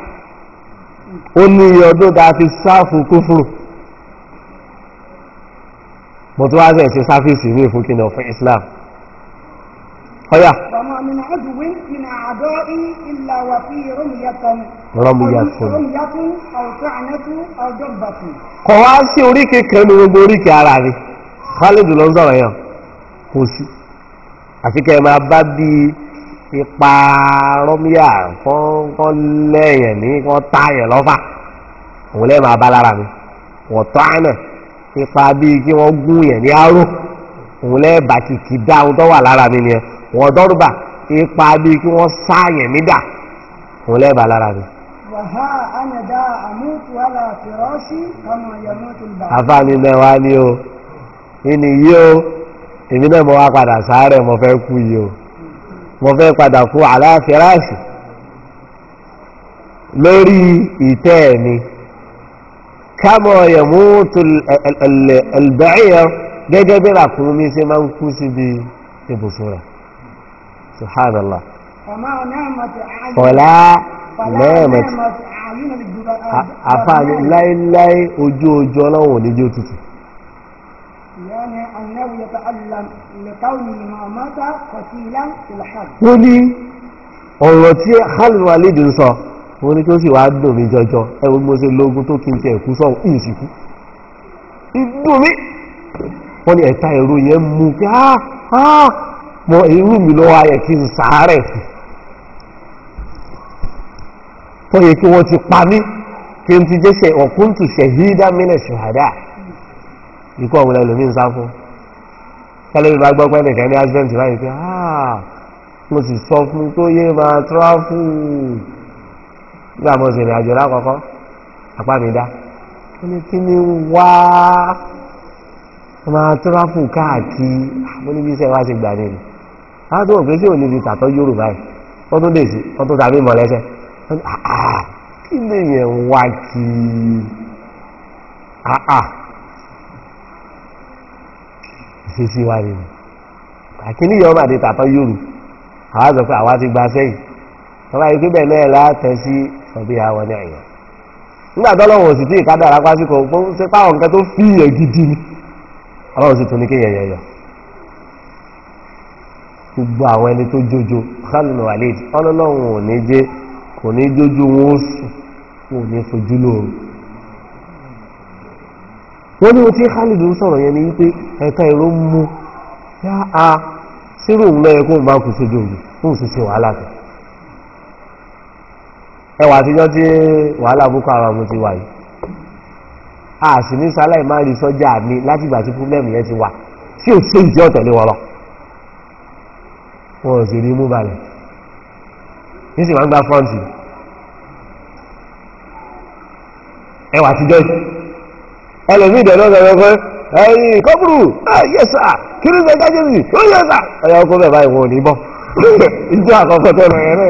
ó ní iye ọdún tá a fi sáàfù kúfùrù mo tún wá bẹ̀ ṣe sáfíìsì ní ìfúnkìnà fún Islam ọ̀yà. kọ̀ wá sí oríkèé kan gbogbo oríkèé ara rẹ̀ Khalid ló ń kò sí àti kẹ́ máa bá bíi ipa rọ́míà kọ́ lẹ́yìn ní kọ́ táyẹ̀ lọ́fà òun lẹ́yìn máa bá lára mi wọ́n tọ́ àná ipa bíi kí wọ́n gún yẹn ní aró òun lẹ́yìn bá kìkì dá ohun tó wà lára mi nìyẹn wọ́n dọ́rùbà ipa bíi kí wọ́n sá yẹn mí dà òun lẹ́yìn bá lára mi. wàhá ànàdá àmútu àlà fìrọ́ṣì kàmú yàmútu bá. o ìnìyí náà mo wá padà sáré mo fẹ́ kú yìí o mo fẹ́ padà fún aláfẹ́ráṣì lórí ìtẹ́ mi kámọ̀ yẹ̀mú ẹ̀lbẹ̀ẹ́yẹ gẹ́gẹ́ bí ràkúnmí ṣe máa ń kú síbi ibùsùn rẹ̀ subhanallah fọlá mẹ́ẹ̀mẹ́tì àfáàní láéláé ojú ojú ọlọ́run ò ní jẹ́ òtútù. المانع أنه يتألم لكونه ما مات قتيلا في الحرب wọ́n ní ọ̀rọ̀ tí Khalid Walid ń sọ wọ́n ní kí ó sì wá dùn mí jọjọ ẹ wo mo ṣe lógún tó kí n ti ẹ̀kú sọ̀rọ̀ ìyìn sì kú ìdùn mí wọ́n ní ẹ̀ta èrò yẹn mú kí á á mọ irú mi lọ́wọ́ ayẹ̀ kí n sàárẹ̀ sí wọ́n yẹ kí wọ́n ti pa mí kí n ti jẹ́ ṣe ọ̀kúntù ṣẹ̀hídá mílẹ̀ ṣùhádà ikú ọ̀hún ẹlòmíì ń sá fún sálẹ́bí bá gbọ́ pẹ́ẹ́nì kan ní accident láyé pé ah, mo sì sọ fún tó yé máa tráfù nígbà mo sì rìn àjò lákọ̀ọ́kọ́ apá mi dá ó ní kí ni wá máa tráfù káàkiri mo níbi iṣẹ́ wa ti gbà nínú àwọn tó wọ̀ pé sí òní fi tàtọ́ yorùbá yìí wọ́n tún dèsí wọ́n tún tàbí mọ̀lẹ́sẹ̀ ah, ah, kí lèyẹn wá kiri ìṣesí wa rèé àkíní yọ ọmọdé tàtọ yòrò àwa sọ pé àwa ti gba sẹ́yìn tọ́ba yìí pípẹ́ náà látẹ̀ sí sọ̀bí àwọn ní ẹ̀yọ́ nígbà tó lọ́wọ́ òsì tí ìkádà ara pásíkò ó ṣe páwọn nǹkan tó fi yẹ gidi ni ọlọ́run sì tún ní kéèyàn yẹyọ gbogbo àwọn ẹni tó jójo kálùnù wàlẹ́ẹ̀dì ọlọ́run ò ní jẹ́ kò ní jójú wọn ó sùn wọn ní fojú lóru wọ́n ní ohun tí Khalid ń sọ̀rọ̀ yẹn ni wípé ẹ̀ka ìró ń mú yá a sírò òun lọ́yẹ kóun bá kù sójú òru kóun sì ṣe wàhálà tó ẹwà àtijọ́ tí wàhálà boko haram ti wà yìí a sì ní sáláì máa rí sọ́jà mi láti ìgbà tí púpẹ́mù yẹn ti wà tí ò sí ìjọ tẹ̀lé wọn lọ wọn ò sì rí mú balẹ̀ ní sì máa ń gba fọ́ǹtì ẹwà àtijọ́ yìí ẹlòmíì dẹ̀ lọ́sọ̀ rẹ pé ẹ̀yìn kọ́kùrù ah, yẹsà kí ló ṣe kájé sí ó yẹsà ọ̀yà ọkọ bẹ́ẹ̀ báyìí wọn ò ní bọ̀ ìjọ àkọ́kọ́ tẹ̀lé yẹn náà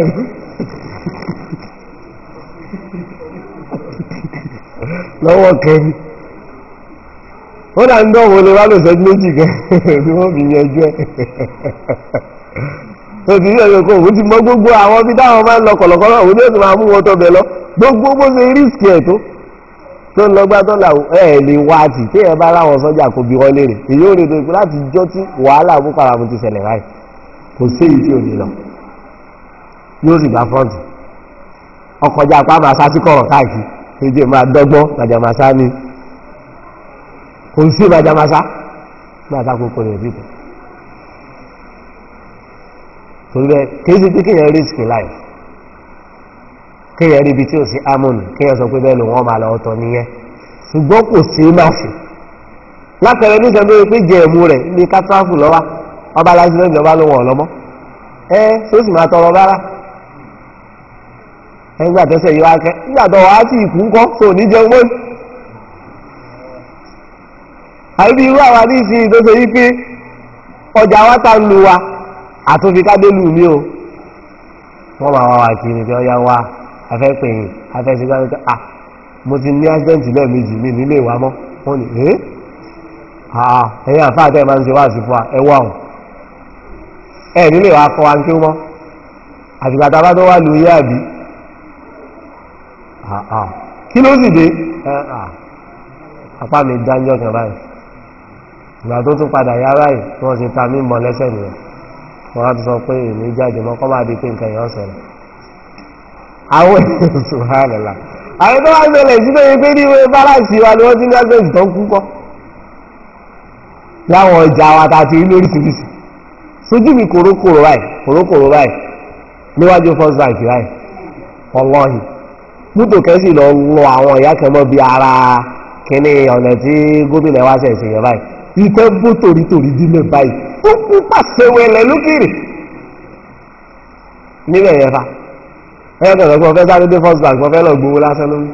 lọ́wọ́ kẹ́mi ó dà ń dánwò lè wá lòsàn méjì gan tí wọ́n fi yẹn jẹ́ òbí yóò yọ kó òun ti mọ gbogbo àwọn bí táwọn máa ń lọ kọ̀lọ̀kọ̀lọ̀ òun yóò sì máa mú wọn tọbẹ̀ lọ gbogbo bó ṣe rísìkì ẹ̀ tó tó ń lọ́gbá dọ́là ẹ̀ lè wá àtì tí ẹ bá ráwọn sọ́jà kò bí wọlé rẹ̀ èyí ò lè dé pé láti jọ́ tí wàhálà boko haram ti ṣẹlẹ̀ báyìí kò séyìí tí ò ní lọ yóò sì gba fọ́ọ̀tì ọkọjà apá máa sá sí kọ̀rọ̀ káàkiri èjì máa dọ́gbọ́n bàjàmásá ni kò sí bàjàmásá máa sá kókó rẹ̀ torí ẹ kì í ṣe pé kéèyàn risk life kéèyàn rí tí ò sí amún kéèyàn sọ pé bẹ́ẹ̀ ló wọ́n máa lọ ọ̀tọ̀ nìyẹn ṣùgbọ́n kò sí má ṣe látẹ̀rẹ̀ ní sọ pé jẹ ẹ̀mú rẹ̀ ní kátáfù lọ́wọ́ ọba lásìlẹ̀ ìjọba ló wọ̀n lọ́mọ́ ẹ sì máa tọrọ bára ẹ gbà tẹ́sẹ̀ yìí wá kẹ́ ìkú tó ní jẹun mọ́ àbí irú àwa ní ìsìn tó ṣe ọjà wa ta ń lu o wọ́n wa kiri wa. afẹ́ pè yìn afẹ́ sí ah mo ti ní accident lẹ́ẹ̀mejì mi nílé ìwà mọ́ wọ́n ni ẹ́ eh? ẹ̀yìn àfáà tẹ́ máa ń ṣe wá sí fún wa ẹ wá nílé ìwà kọ́ wa ń kí mọ́ àtìgbà bá tó wà lóyè àbí kí ló sì dé apá àwọn èèyàn subhanallah àwọn tó wá ṣẹlẹ̀ sí pé pé ní ìwé fáráǹsì wa ni wọ́n ti ń gbàgbé ìtàn púpọ̀ láwọn ọjà wa ta ti rí lóríṣiríṣi sójú mi kòrókòrò báyìí kòrókòrò báyìí níwájú first bank báyìí ọlọ́hìn mútò kẹ́sì lọ lọ àwọn ìyá kan mọ́ bí ara kínní ọ̀nà tí gómìnà wa ṣẹ̀ṣẹ̀ yẹn báyìí ìfẹ́ bó torítorí dílé báyìí ó kú pàṣẹ lókèrè níbẹ̀ yẹn fa. ẹ̀rọ tẹ̀sán pé ọ̀fẹ́ sáré dé first bank ọ̀fẹ́ lọ gbowó lásán lórí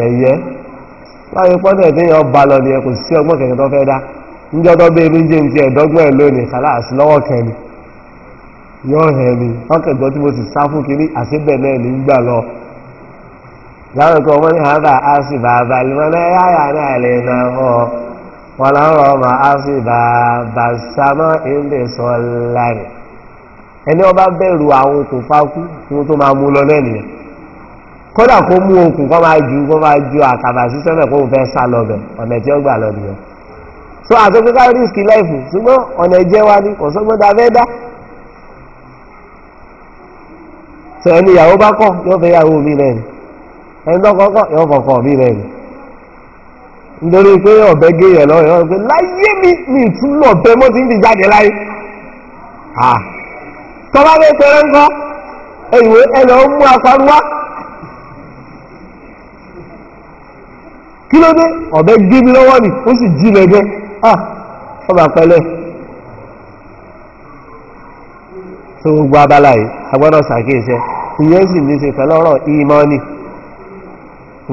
yẹ̀yẹ́ láyé lọ sí ọgbọ́n kẹ̀kẹ́ tó fẹ́ dá jẹ́ ti ẹ̀dọ́gbọ́n ẹ̀ lónìí kàláàsì lọ́wọ́ kẹ́ni hẹ̀ mi ọkẹ̀gbọ́n tí mo sì sá fún kiri náà ní ẹni ọba bẹ̀rù àwọn okùnfà kú kí wọ́n tó máa mú lọ náà nìyẹn kódà kó mú okùn kó máa ju kó máa ju àkàbà sí sọ́nà kó fẹ́ sá lọ bẹ̀ ọ̀nà tí ó gbà lọ nìyẹn so àtọ́kọ́ká risk life ṣùgbọ́n ọ̀nà ìjẹ́ wa ni kò sọ́gbọ́n ta fẹ́ dá sọ ẹni ìyàwó bá kọ̀ yóò fẹ́ yàwó mi rẹ̀ ni ẹni tó kọ́kọ́ yóò fọ̀kọ̀ mi rẹ̀ ni nítorí pé ọ̀bẹ gé yẹ̀ lọ́wọ́ yọ̀ pé tọ́lá ló tẹ̀lé ń kọ́ ìwé ẹlẹ́ ó mú afárú wá mi lọ́wọ́ ni ó sì gbogbo abala yìí a gbọ́dọ̀ ìyẹn sì ní ṣe ọrọ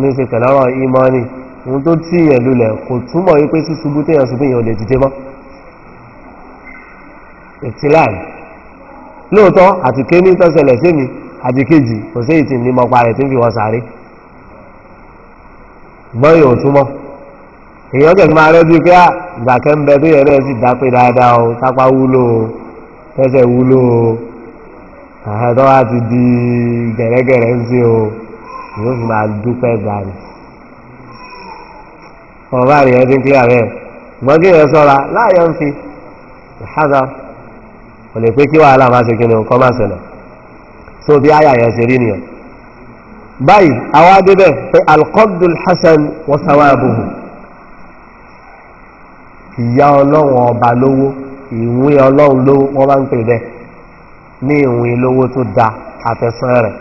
ní ṣe ọrọ ohun tó tí kò wípé téèyàn ṣubú lè dìde lóòótọ́ àti kéní tọ́sẹ̀lẹ̀ sẹ́mi àti kejì kò sí ìtì ní mọ́pa rẹ̀ tí ń fi wọ́n sáré gbọ́n yóò túmọ̀ èèyàn kẹ̀kẹ́ máa rẹ́ bí pé ah, ìgbà kẹ́ńbẹ́ tó yẹ náà sì dápé dáadáa o sápá wúlò o tẹ́sẹ̀ wúlò o àtọ́ wa ti di gẹ̀rẹ́gẹ̀rẹ́ ń sí o yóò fi máa dúpẹ́ gbà ní. ọ̀rọ̀ bá rèé ti ń kílẹ̀ rẹ̀ gbọ́n kí ń fi kò lè pé kí wàhálà máa ṣe kíni nǹkan máa ṣẹlẹ̀ so bí àyà yẹn ṣe rí nìyẹn báyìí àwa débẹ̀ pé alqabdul hasan wa sawabuhu ìyá ọlọ́run ọba lówó ìwé ọlọ́run lówó wọ́n máa ń pè bẹ́ẹ̀ ní ìwé lówó tó da àtẹ̀sán rẹ̀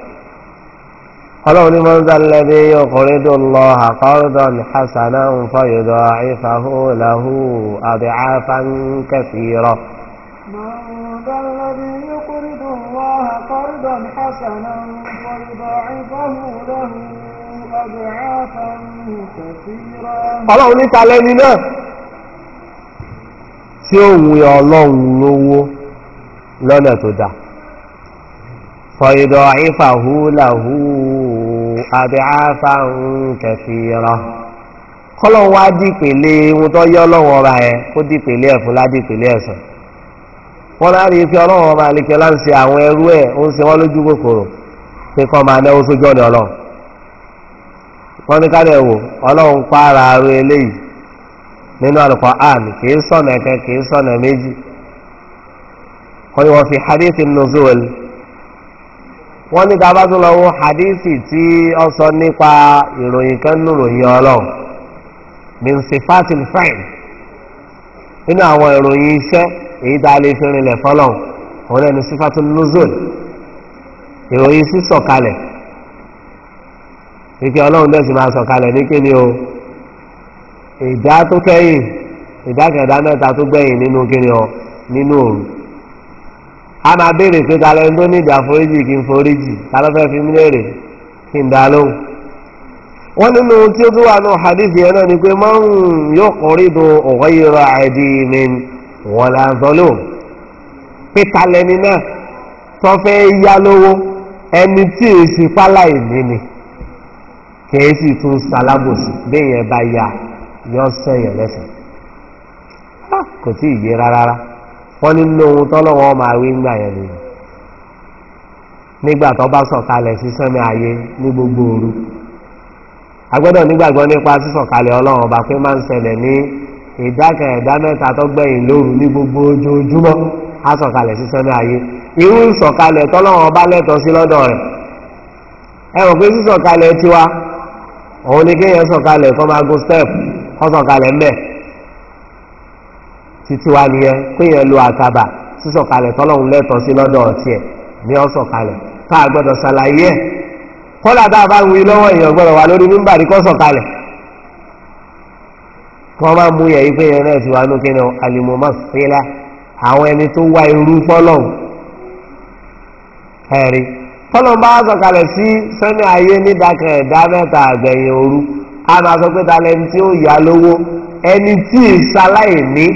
ọlọ́run ní mọ́ńdà lẹ́bí ọkùnrin tó lọ àkọ́rọ́dọ̀n hasanan fọyọ̀dọ̀ ìfàhó làhú àbí àfáńkẹ́sì rọ̀. حسنا فيضاعفه له أضعافا كثيرا Ọlọ́run ní ta lẹ́ni náà tí ó wù ẹ́ Ọlọ́run lówó lọ́nà tó dáa fọ̀yìdọ̀ àìfàhú làhú àbíáfà kọ́lọ̀ wá dìpèlé ohun tó yọ́ lọ́wọ́ ọba ẹ̀ kó dìpèlé ẹ̀fún ládìpèlé ẹ̀sán wọ́n lárí pé ọlọ́run ọba àlekè ọlá àwọn ẹrú ẹ̀ ó ń ṣe wọ́n lójú kòkòrò pé kọ́ máa náwó sójú ọ̀nà ọlọ́run wọ́n ní ká wò ọlọ́run pààrà aró eléyìí nínú àlùkò àmì kì sọ̀nà kan kì sọ̀nà méjì wọ́n wọ́n fi hadithi nuzul wọ́n ní hadithi tí ó èyí tá a lè fi rinlẹ̀ fọlọ́n òun náà sífàtún nuzul ìròyìn sísọ̀kalẹ̀ ìpè ọlọ́run náà máa sọ̀kalẹ̀ ní o ìdá tó kẹ́yìn ìdá kẹ̀dá mẹ́ta tó gbẹ̀yìn nínú kíni o nínú òru a máa béèrè pé ta lẹ́nu tó ní ìdá foríjì kí n foríjì fẹ́ fi mí kí n dá lóhùn wọ́n nínú tí ó tún wà nù hadith wala zalum pété lẹni náà tó fẹ́ yá ẹni tí èsì pálá ìní ni kìí sì tún ṣalábòsí béèyàn bá ya yọ sẹ́yìn lẹ́sìn kò tí ì yé rárá ohun tọ́lọ́wọ́ máa wí ńgbà yẹn ìdáka ẹ̀dá mẹ́ta tó gbẹ̀yìn lóru ní gbogbo ojoojúmọ́ á sọ̀kalẹ̀ sí sánmà ayé irú sọ̀kalẹ̀ tọ́lọ́wọ́n bá lẹ́tọ̀ sí lọ́dọ̀ rẹ̀ ẹ rò pé tiwa sọ̀kalẹ̀ step kọ́ sọ̀kalẹ̀ nìyẹn kéèyàn lo lẹ́tọ̀ sí lọ́dọ̀ tiẹ̀ ní tá a gbọ́dọ̀ ẹ̀ kọ́lá wí wọ́n ma mú yẹ̀ ife yẹn náà fi wá nókè náà alimọ̀mọ́ àwọn ẹni tó wá irú fọ́lọ̀ ẹ̀rí fọ́lọ̀ bá sọ̀kalẹ̀ sí sẹ́ni ayé nídàkẹ́ ẹ̀dá mẹ́ta àgbẹ̀yìn òru a máa sọ pé tí ó lówó ẹni tí ì sáláì ní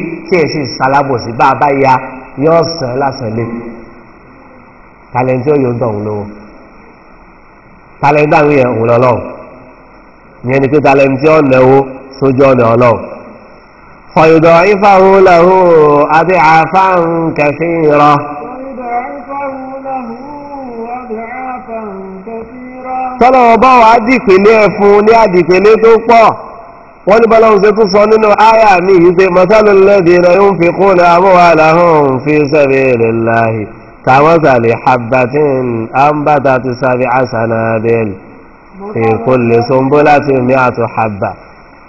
sì bá a bá ya yọ sàn lásán lé tí ó yọ lówó dáhùn yẹn òun ìyẹn ni pé فيضاعفه له أضعافا كثيرة tọ́lọ́wọ́ bá wà á dìpele ẹ̀fún ní àdìpele tó pọ̀ wọ́n ní bọ́lá oṣù tún sọ nínú àyà mi yìí pé mọ́sálù lẹ́dí rẹ̀ ń fi kún ní amúhàláhùn fi sabilillahi kàmọ́sàlì habbatin ambata ti sàbí àṣànà abẹ́lì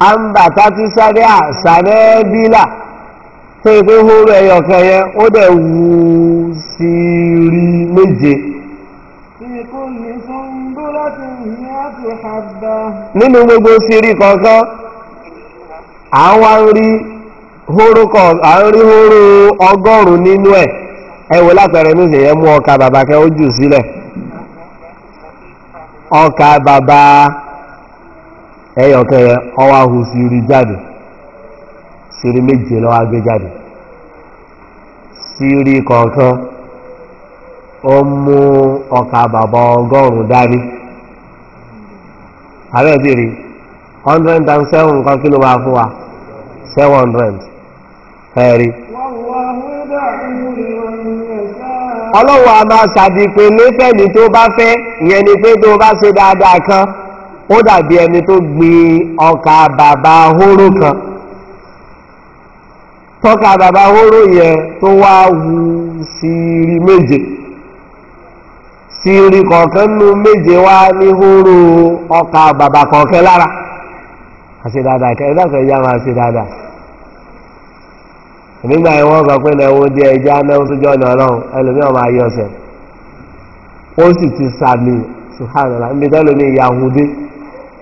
an bàtà tí sáré àsáré bílà tó ìpé hóró ẹyọ kan yẹn ó dẹ̀ wú sí rí méje. nínú gbogbo sírí kọ̀ọ̀kan àwọn rí hóró kan àwọn rí hóró ọgọ́rùn-ún nínú ẹ̀ e. ẹ e wò lápẹẹrẹ ní ìṣẹ̀yẹ mú ọkà e bàbá kẹ́ ó jù sílẹ̀ ọkà bàbá. ẹyọkẹ́ yẹ ọwọ́ ahu siri jáde siri méje lọ́wọ́ agbé jáde kọ̀ọ̀kan ó mú ọkà bàbá dání and seven kan kí ló fún wa seven hundred ọlọ́wọ́ a máa ṣàdìpé lẹ́fẹ̀ẹ́ ni tó bá fẹ́ ìyẹn ni pé tó bá ṣe dáadáa kan. ó dàbí ẹni tó gbin ọkà bàbá horo kan tọ́ka bàbá horo yẹn tó wá wu sírí méje sírí kọ̀ọ̀kan nú méje wá ní hóró ọkà bàbá kọ̀ọ̀kan lára àṣẹ dáadáa kẹ ẹ dákọ̀ ẹ̀yà máa ṣe dáadáa nígbà yẹn wọ́n sọ pé di jẹ́ ẹja náà tó jọ ọ̀nà ọlọ́run ẹlòmíràn máa yọ ó sì ti sàmì níbi tẹ́lómi ìyàwó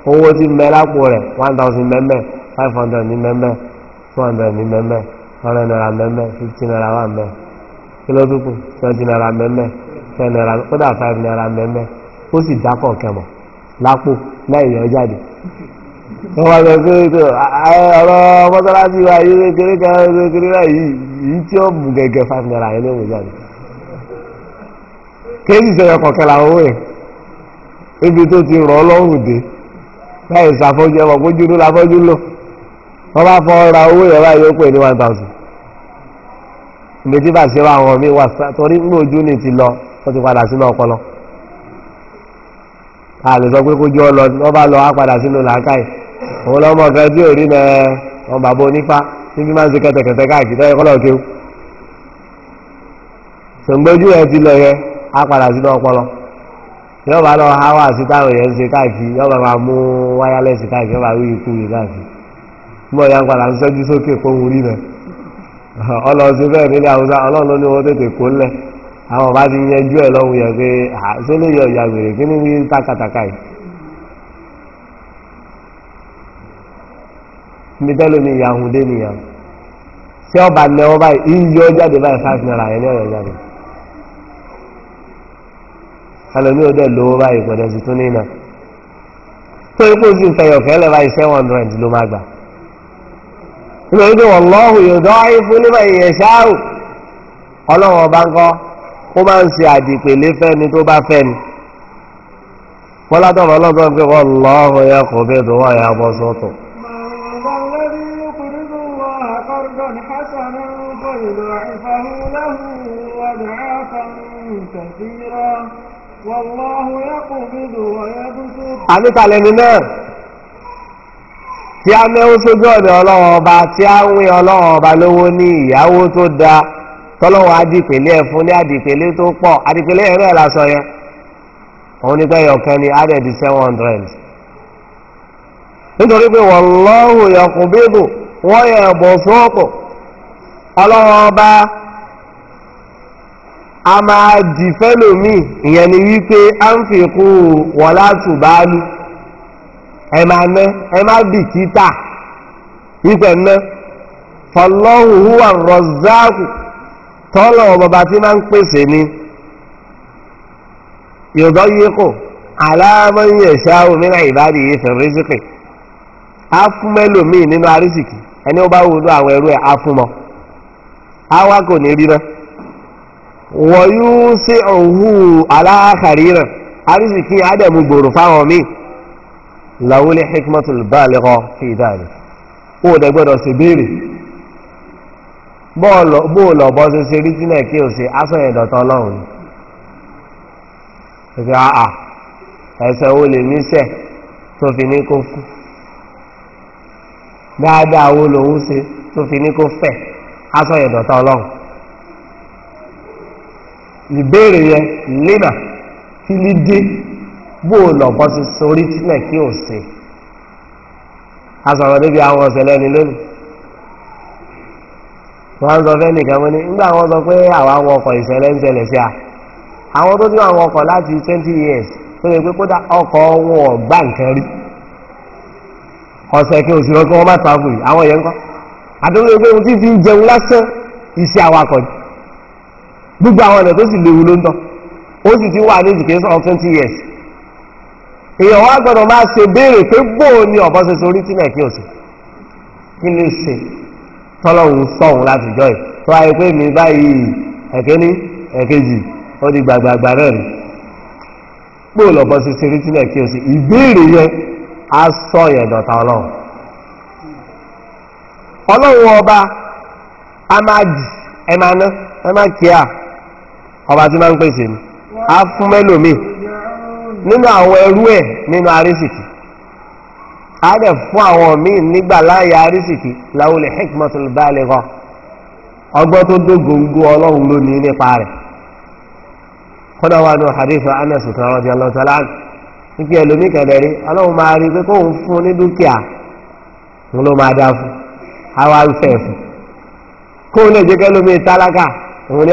owó tí mẹ lápò rẹ̀ one thousand mẹ́mẹ́ five hundred ní mẹ́mẹ́ two hundred ní mẹ́mẹ́ hundred naira mẹ́mẹ́ fifty naira wà mẹ́ kíló twenty naira mẹ́mẹ́ ten naira kódà five naira mẹ́mẹ́ ó sì dákọ̀ kẹmọ̀ lápò lẹ́yìn yọ wọ́n wá sọ pé ọ̀rọ̀ mọ́sálásí wa yìí kékeré kan kékeré náà yìí tí ó mú gẹ́gẹ́ five naira ló jáde kéèdì sọ̀rọ̀ kọ̀kẹ́ làwọn ibi tó ti rọ̀ ọ́ lọ́rùn dé. láì ṣàfọ́jú ẹ̀wọ̀n kójú ló láfọ́jú lò wọ́n bá fọ́ ra owó yẹn báyìí ó pè ní one thousand ìgbésí ṣe wá àwọn míì wà torí ní ojú ni ti lọ wọ́n ti padà sínú ọpọlọ a lè sọ pé kójú ọ lọ wọ́n bá lọ padà sínú òun lọ́mọ kan tí ò rí bàbá onífá tí fi máa ń kẹtẹkẹtẹ káàkiri kéwù yẹn ti lọ yẹ á yóò bá lọ ha wá sí táwọn èèyàn ń ṣe káàkiri yóò bá máa mú wáyálẹ́sì káàkiri yóò bá ikú yìí káàkiri ya ń padà ń sẹ́jú sókè fóun rí nà ọlọ́ọ̀sẹ̀ bẹ́ẹ̀ nílẹ̀ haúsá ọlọ́run ló ní wọ́n tètè kó àwọn ọba ti ẹ̀ lọ́hùn yẹn pé yọ ìyá kí ni wí tákàtàkà yìí. níbi tẹ́lẹ̀ mi ìyàwó dé tí ọba nẹ́wọ́ báyìí ń yọ jáde báyìí five naira yẹn ní ọ̀yọ́ alomi ò dẹ̀ lówó báyìí kò dẹ̀ sì tún nínà tó ipò sì ń fẹyọ̀ fẹ́lẹ̀ báyìí seven hundred ló máa gbà nínú ìdí wallahu yudaifu liman yasha'u ọlọ́run ọba ńkọ́ ó máa ń ṣe àdìpèlé fẹ́ni tó bá fẹ́ni wọ́n ládọ́rọ̀ ọlọ́run pé wallahu yaqbidu wa yabsutu àníta lẹni náà tí a mẹ́wó sójú ọ̀dọ̀ ọlọ́wọ́n ọba tí a ń wé ọlọ́wọ́n ọba lówó ní ìyàwó tó dáa tọ́lọ́wọ́n adìpẹ̀lẹ́ ẹ̀ fún ní adìpẹ̀lẹ́ tó pọ̀ adìpẹ̀lẹ́ ẹ̀ náà lásán yẹn òun ní pẹ́ yọ̀kan ní adẹ̀dì seven hundred nítorí pé wọ́n lọ́hùn yọkùn bíbù wọ́n yẹ̀ bọ̀ sóòkù ọlọ́wọ́n ọba. a máa dì fẹ́lòmíì ìyẹn ni wípé à ń fi kú wọ́n látù báálù ẹ máa ná ẹ má bìkítà wípé ná fọlọ́hùn húwà rọ̀záàkù tọ́lọ̀ bàbá tí máa ń pèsè ni yorùbá yìí kò aláàmọ́yìn ẹ̀ṣá òmìnira ìbáàdì yìí fẹ̀rẹ̀ rísíkì á fún mẹ́lòmíì nínú arísìkì ẹni ó bá wù ú àwọn ẹrú ẹ̀ wọ̀yú sí òhù aláàkàríran arísìkí ádẹ̀mú gbòòrò fáwọn míì làwọn ilé hikmatul baligha fi dáàbò ó dẹ̀ gbọ́dọ̀ sí béèrè bóòlù ọ̀bọ ṣe ṣe rí sínú ẹ̀kí òsè asọ̀yẹ̀ ìdọ̀tọ̀ ọlọ́run ṣe àà ẹ̀sẹ̀ wo lè níṣẹ̀ tó fi ní kó kú dáadáa wo lòun ṣe tó fi ní kó fẹ̀ asọ̀yẹ̀ ìdọ̀tọ̀ ọlọ́run. ìbéèrè yẹn lébà kí ló dé bó o kí o sè a sọ̀rọ̀ níbi àwọn ọ̀sẹ̀ lẹ́ni lónìí wọ́n sọ fẹ́ nìkan nígbà wọn sọ pé àwọn ọkọ̀ ìṣẹ̀lẹ̀ ń ṣẹlẹ̀ sí years o sì kí wọ́n àwọn yẹn ń kọ́ àdúgbò tí fi ń jẹun lásán gbogbo àwọn ọ̀nà tó sì léwu ló ń tọ́ ó sì ti wà ní twenty years èèyàn wá gbọ́dọ̀ máa ṣe béèrè pé bóò ni ọ̀bọ ṣe sorí tí nàìjíríà sí kí ló ṣe tọ́lọ́hún sọ̀hún láti jọ́ ẹ̀ tó pé mi báyìí ó di gbàgbàgbà náà ọba a. ọba tí máa ń pèsè ní a fún mẹ́lòmí nínú àwọn ẹrú ẹ̀ nínú arísìkì a dẹ̀ fún àwọn míì nígbà láàyè arísìkì láwọn hikmatul baligha ọgbọ́n tó dó ọlọ́run ló ní nípa rẹ̀ kódà wà ní hadith Anas nípa ẹlòmí kẹ̀dẹ̀rí ọlọ́run máa rí pé kóun fún ní dúkìá ló máa dá fún ń fẹ́ fún kóun lè jẹ́ kẹ́lómi tálákà òun ni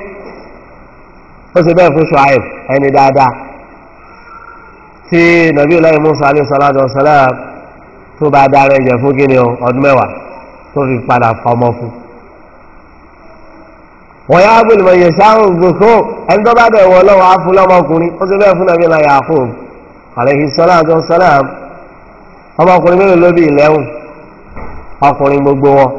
wọ́n ṣe bẹ́ẹ̀ fún ṣùáìb ẹni dáadáa tí nàbí ọlọ́yẹ musa alayhi salatu wa salam tó bá dára ẹ̀jẹ̀ fún kíni ọdún mẹ́wàá tó fi padà fọmọ fún. wọ́n yá abúlé mọ̀ yẹ̀ṣẹ́ àwọn gbòkó ẹni tó bá bẹ̀ wọ lọ́wọ́ afúnlọ́mọkùnrin ó ṣe bẹ́ẹ̀ fún nàbí ọlọ́yẹ Yaqub alayhi salatu wa salam ọmọkùnrin mélòó ló bí ìlẹ́wọ̀n ọkùnrin gbogbo wọn.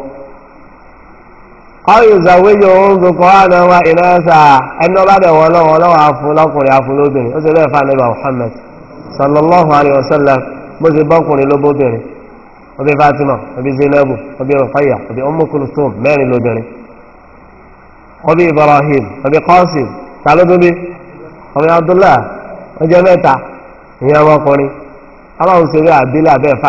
ọ̀yùzàwéyò oúnzùkọ́ àdáwà ìnáṣà ẹni ọba bẹ̀wọ̀ ọlọ́wọ́ ọlọ́wọ́ àfún lọ́kùnrin àfún lóbìnrin ó sì bẹ́ẹ̀ fà níbà Muhammad sallallahu alayhi wa sallam bó ṣe bọ́kùnrin ló bóbìnrin obi Fatima obi Zainabu obi Rukayya obi Ummu Kulthum mẹ́rin lóbìnrin obi Ibrahim obi Qasim talodobi obi Abdullahi ọjọ́ mẹ́ta ìyẹn ọmọkùnrin aláwọ̀ ṣe bẹ́ẹ̀ àbílẹ̀ abẹ́ẹ̀ fà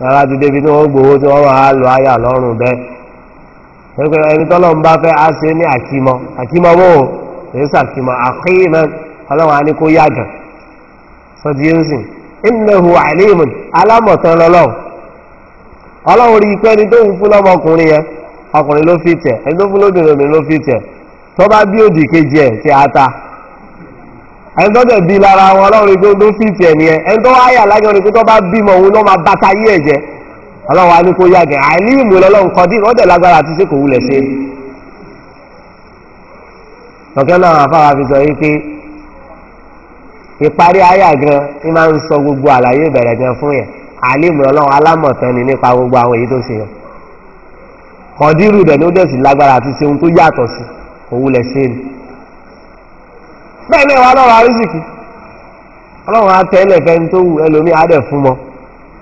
rárá ti débi tí wọ́n tí wọ́n máa lọ ayà lọ́rùn bẹ́ẹ̀ pẹ̀lú ẹni tọ́lọ́ ń bá fẹ́ á ṣe ní àkímọ́ àkímọ́ àkímọ́ ọlọ́run á ní kó yàgàn alámọ̀tán lọ́lọ́run ọlọ́run rí ata ẹni tó dẹ̀ bí lára wọn ọlọ́run ìgbó ló ẹni tó wáyà lájọ ni tó bá bímọ òun ló máa bàtà yí ẹ̀jẹ̀ ọlọ́run wa ní kó yàgẹ̀ àìní ìmú lọ́lọ́run kọ́ dín ọ̀dẹ̀ àti wulẹ̀ ṣe. tọ́kẹ́ náà fi sọ yìí pé ìparí ayà gan ni máa ń gbogbo àlàyé ìbẹ̀rẹ̀ gan fún yẹn ọlọ́run bẹ́ẹ̀ náà wà lọ́rọ̀ àrísìkì ọlọ́run àtẹ́lẹ̀ fẹ́ni tó wù ẹlòmí àádẹ́ fún mọ́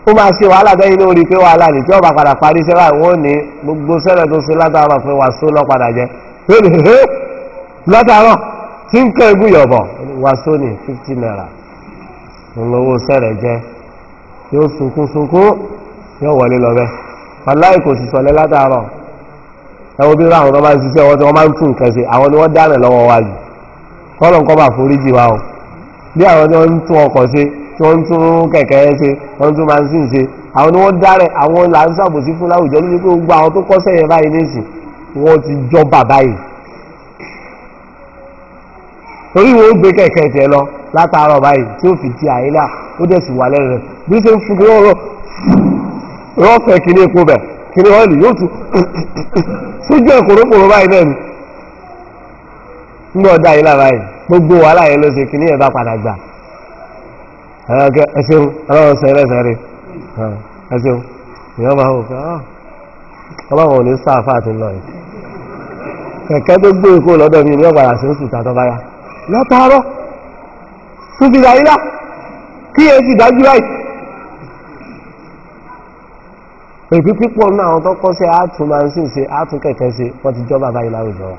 ó máa ṣe wàhálà bẹ́yìn lórí pé wàhálà nìkí ọba padà parí iṣẹ́ báyìí ní gbogbo sẹ́lẹ̀ tó ṣe látara máa fẹ́ lọ padà jẹ́ látara tí ń kẹ́ egú yọ̀bọ̀ wàásù ní fifty naira ńlọ́wọ́ sẹ́lẹ̀ yóò sunkún sunkún yóò wọlé lọ wàláì kò sì látara bí náà máa ń ṣiṣẹ́ wọn tí wọ́n máa ń tún nǹkan kọ́lọ̀ kọ́ bá foríjì wa o bí àwọn tí ń tún ọkọ̀ tí wọ́n tún kẹ̀kẹ́ ṣe wọ́n ń tún mansin àwọn ni wọ́n dárẹ̀ àwọn là ń ṣàbòsí fún láwùjọ lórí pé gbogbo àwọn tó báyìí ti jọba báyìí torí gbé lọ látàárọ̀ báyìí tí ó fi ti ó dẹ̀ sì wà lẹ́nu rẹ̀ bí ṣe ń fún nígbà ọ̀dà yìí làbá yìí gbogbo wàhálà yẹn ló ṣe kìíní ẹ̀ bá padà gbà ẹ ṣeun ọlọ́run sọ ẹlẹ́sẹ̀ rẹ ẹ ṣeun ìyá máa wò pé ah, ọlọ́run ò ní sáfà àti lọ yìí kẹ̀kẹ́ tó gbé èkó lọ́dọ̀ mi ní ọ̀gbàrà sí oṣù tàtọ́ báyà lọ́tàárọ̀ tóbi ràyílá kí ẹ sì dájú báyìí ètùtù pọ̀ náà àwọn tó kọ́ sí àtúnmáṣí ṣe àtúnkẹ̀kẹ́ ṣe wọ́n ti jọ́ bàbá yìí wa.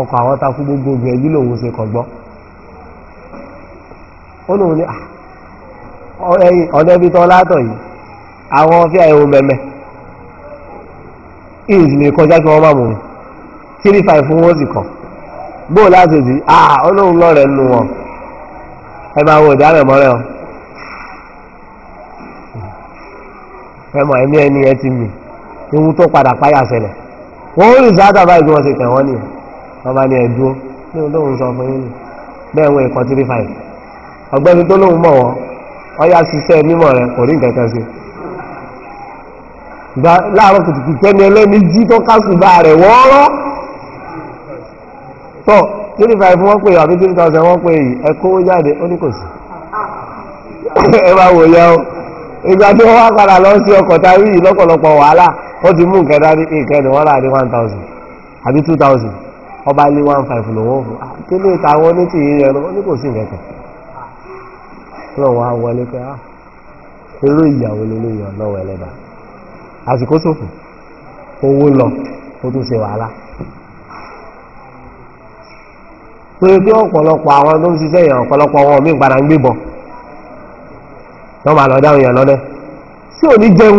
ọkọ àwọn takú gbogbo obìnrin yìí lòun ṣe kọ̀gbọ́ ó lòun ní ẹ̀yìn ọ̀nà ibi tán látọ̀ yìí àwọn fi àyẹ̀wò mẹ́mẹ́ ìrìnsì ní kọjá kí wọ́n má mú un tírí fàì fún wọn sì kọ̀ bóò láti sí àà olóhùn lọ́rẹ̀ nù wọn ẹ máa wo ìdárẹ̀ mọ́rẹ́ o ẹ mọ̀ ẹ̀mí ẹni ẹ ti mì ewu tó padà páyà ṣẹlẹ̀ wọ́n ń rìn sáà tàbá ìgbọ́n ṣe tẹ̀wọ́n nìyẹn. wọ́n bá ní ẹ̀dúró ní olóhùn sọ fún yín bẹ́ẹ̀ wọ ìkan three five ọ̀gbẹ́ni tó lóhùn mọ̀ wọ́n ọ̀yà ṣiṣẹ́ mímọ̀ rẹ̀ kò rí nǹkan kan sí láàárọ̀ kùtùkù kẹ́ni ẹlẹ́ni jí tó kásùbà rẹ̀ wọ́ọ́rọ́ tọ́ three five wọ́n pè ẹ bá wò yẹ o ìgbà tí wọ́n wá padà lọ sí ọkọ̀ yìí lọ́pọ̀lọpọ̀ wàhálà ti mú nǹkan dání nǹkan ẹ̀dùn wọ́n one thousand ọba ní one five ah, lọ́wọ́ fún kí ló ta àwọn onítì yìí ẹnu wọn ní kò sí nǹkan kan náà wọn á wọlé pé á ah, eré ìyàwó lélẹ́ yìí ọlọ́wọ́ ẹlẹ́dàá àsìkò ṣòfò owó lọ ó tún ṣe wàhálà pé kí ọ̀pọ̀lọpọ̀ àwọn tó ń ṣiṣẹ́ yẹn ọ̀pọ̀lọpọ̀ wọn mí padà ń gbébọn wọn máa lọ dáhùn lọ́dẹ tí ò ní jẹun.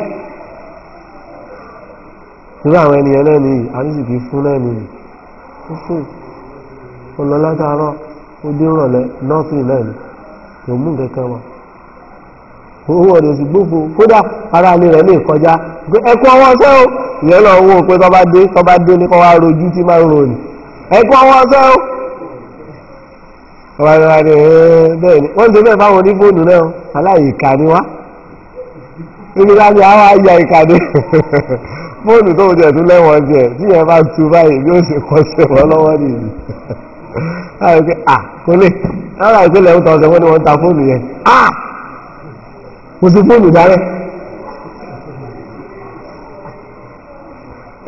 irú àwọn ènìyàn náà nìyí àrísìkì fún náà nìyí fún ó dé rọ̀lẹ́ nọ́ọ̀sì náà ni kò mú kankan wá owó kódà ara rẹ̀ lè kọjá ẹkún ọwọ́ ọ̀sẹ́ o ìyẹn lọ wo pé tọ́ba dé dé ní kọ́wá rojú tí máa ń ro ẹkún ọwọ́ ọ̀sẹ́ o ọba ìrora ni bẹ́ẹ̀ ni wọ́n ń fáwọn onífóònù náà ni wá fóònù tó jẹ tún lẹ́wọ̀n jẹ tí ẹ bá tu báyìí bí ó kọ́ sí wọn lọ́wọ́ nìyí láti pé à kò lè lára ìpínlẹ̀ ń tọ́sẹ̀ wọ́n ni wọ́n ta fóònù yẹn à kò sí fóònù dárẹ́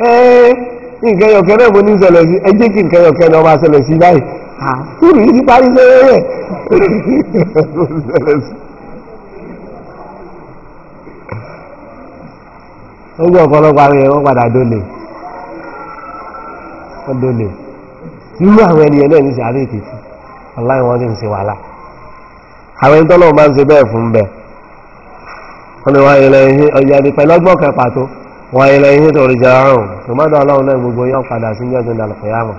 ẹ́ẹ́ nǹkan yọ̀kẹ́ náà mo ní ṣẹlẹ̀ sí ẹ jẹ́ kí nǹkan yọ̀kẹ́ náà máa ṣẹlẹ̀ sí báyìí fóònù yìí ti parí sẹ́yẹ́ rẹ̀ ó ọ̀pọ̀lọpọ̀ àwọn èèyàn wọ́n padà dólè wọ́n dólè irú àwọn ènìyàn náà sí àbí ìtìtì aláìwọ̀n wọ́n ń ṣe wàhálà àwọn ẹni tọ́lọ́wọ́ máa ń ṣe bẹ́ẹ̀ fún bẹ́ẹ̀ wọ́n ní wọ́n ilẹ̀ ihe ọ̀yà ní pẹ̀lú ọgbọ́n kan pàtó wọ́n ilẹ̀ ihe tó rí jẹrán ọ̀hún tó má ọlọ́run náà gbogbo yọ padà sí ní ọdún ìdàlùkọ̀ yá mọ̀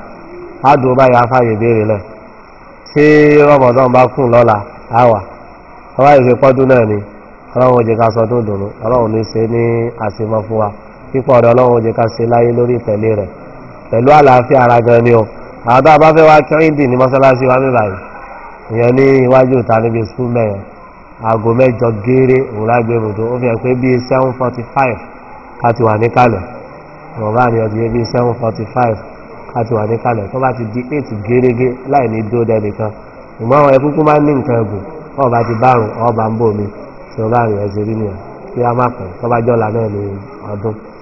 ládùn ó báyà fàyè béèrè náà tí rọmọdán bá kùn lọ́la àwà ọwọ́ ìfipọ́dún náà ni ọlọ́run òjì ká sọ tó dùnú ọlọ́run ní ṣe ní àṣemọ́ fún wa pípọ̀ ọ̀dọ̀ ọlọ́run òjì ká ṣe láyé lórí ìtẹ̀lé rẹ̀ pẹ̀lú àlàáfíà ara ni o àwọn bá fẹ́ wá kẹ́rìndì ní mọ́sálásí wa bíbá yìí ìyẹn ní iwájú ìta níbi mẹ́yẹn aago mẹ́jọ òwúrọ̀ ó fi hàn pé bíi seven forty five ká ti wà ọ̀rọ̀ bá ní ọdún yẹn bíi seven forty five ká ti wà tó bá ti di eight gérégé ti ń bò tó bá rẹ̀ ẹ́ ṣe rí nìyẹn kí a má pẹ́ tó bá náà ní ọdún.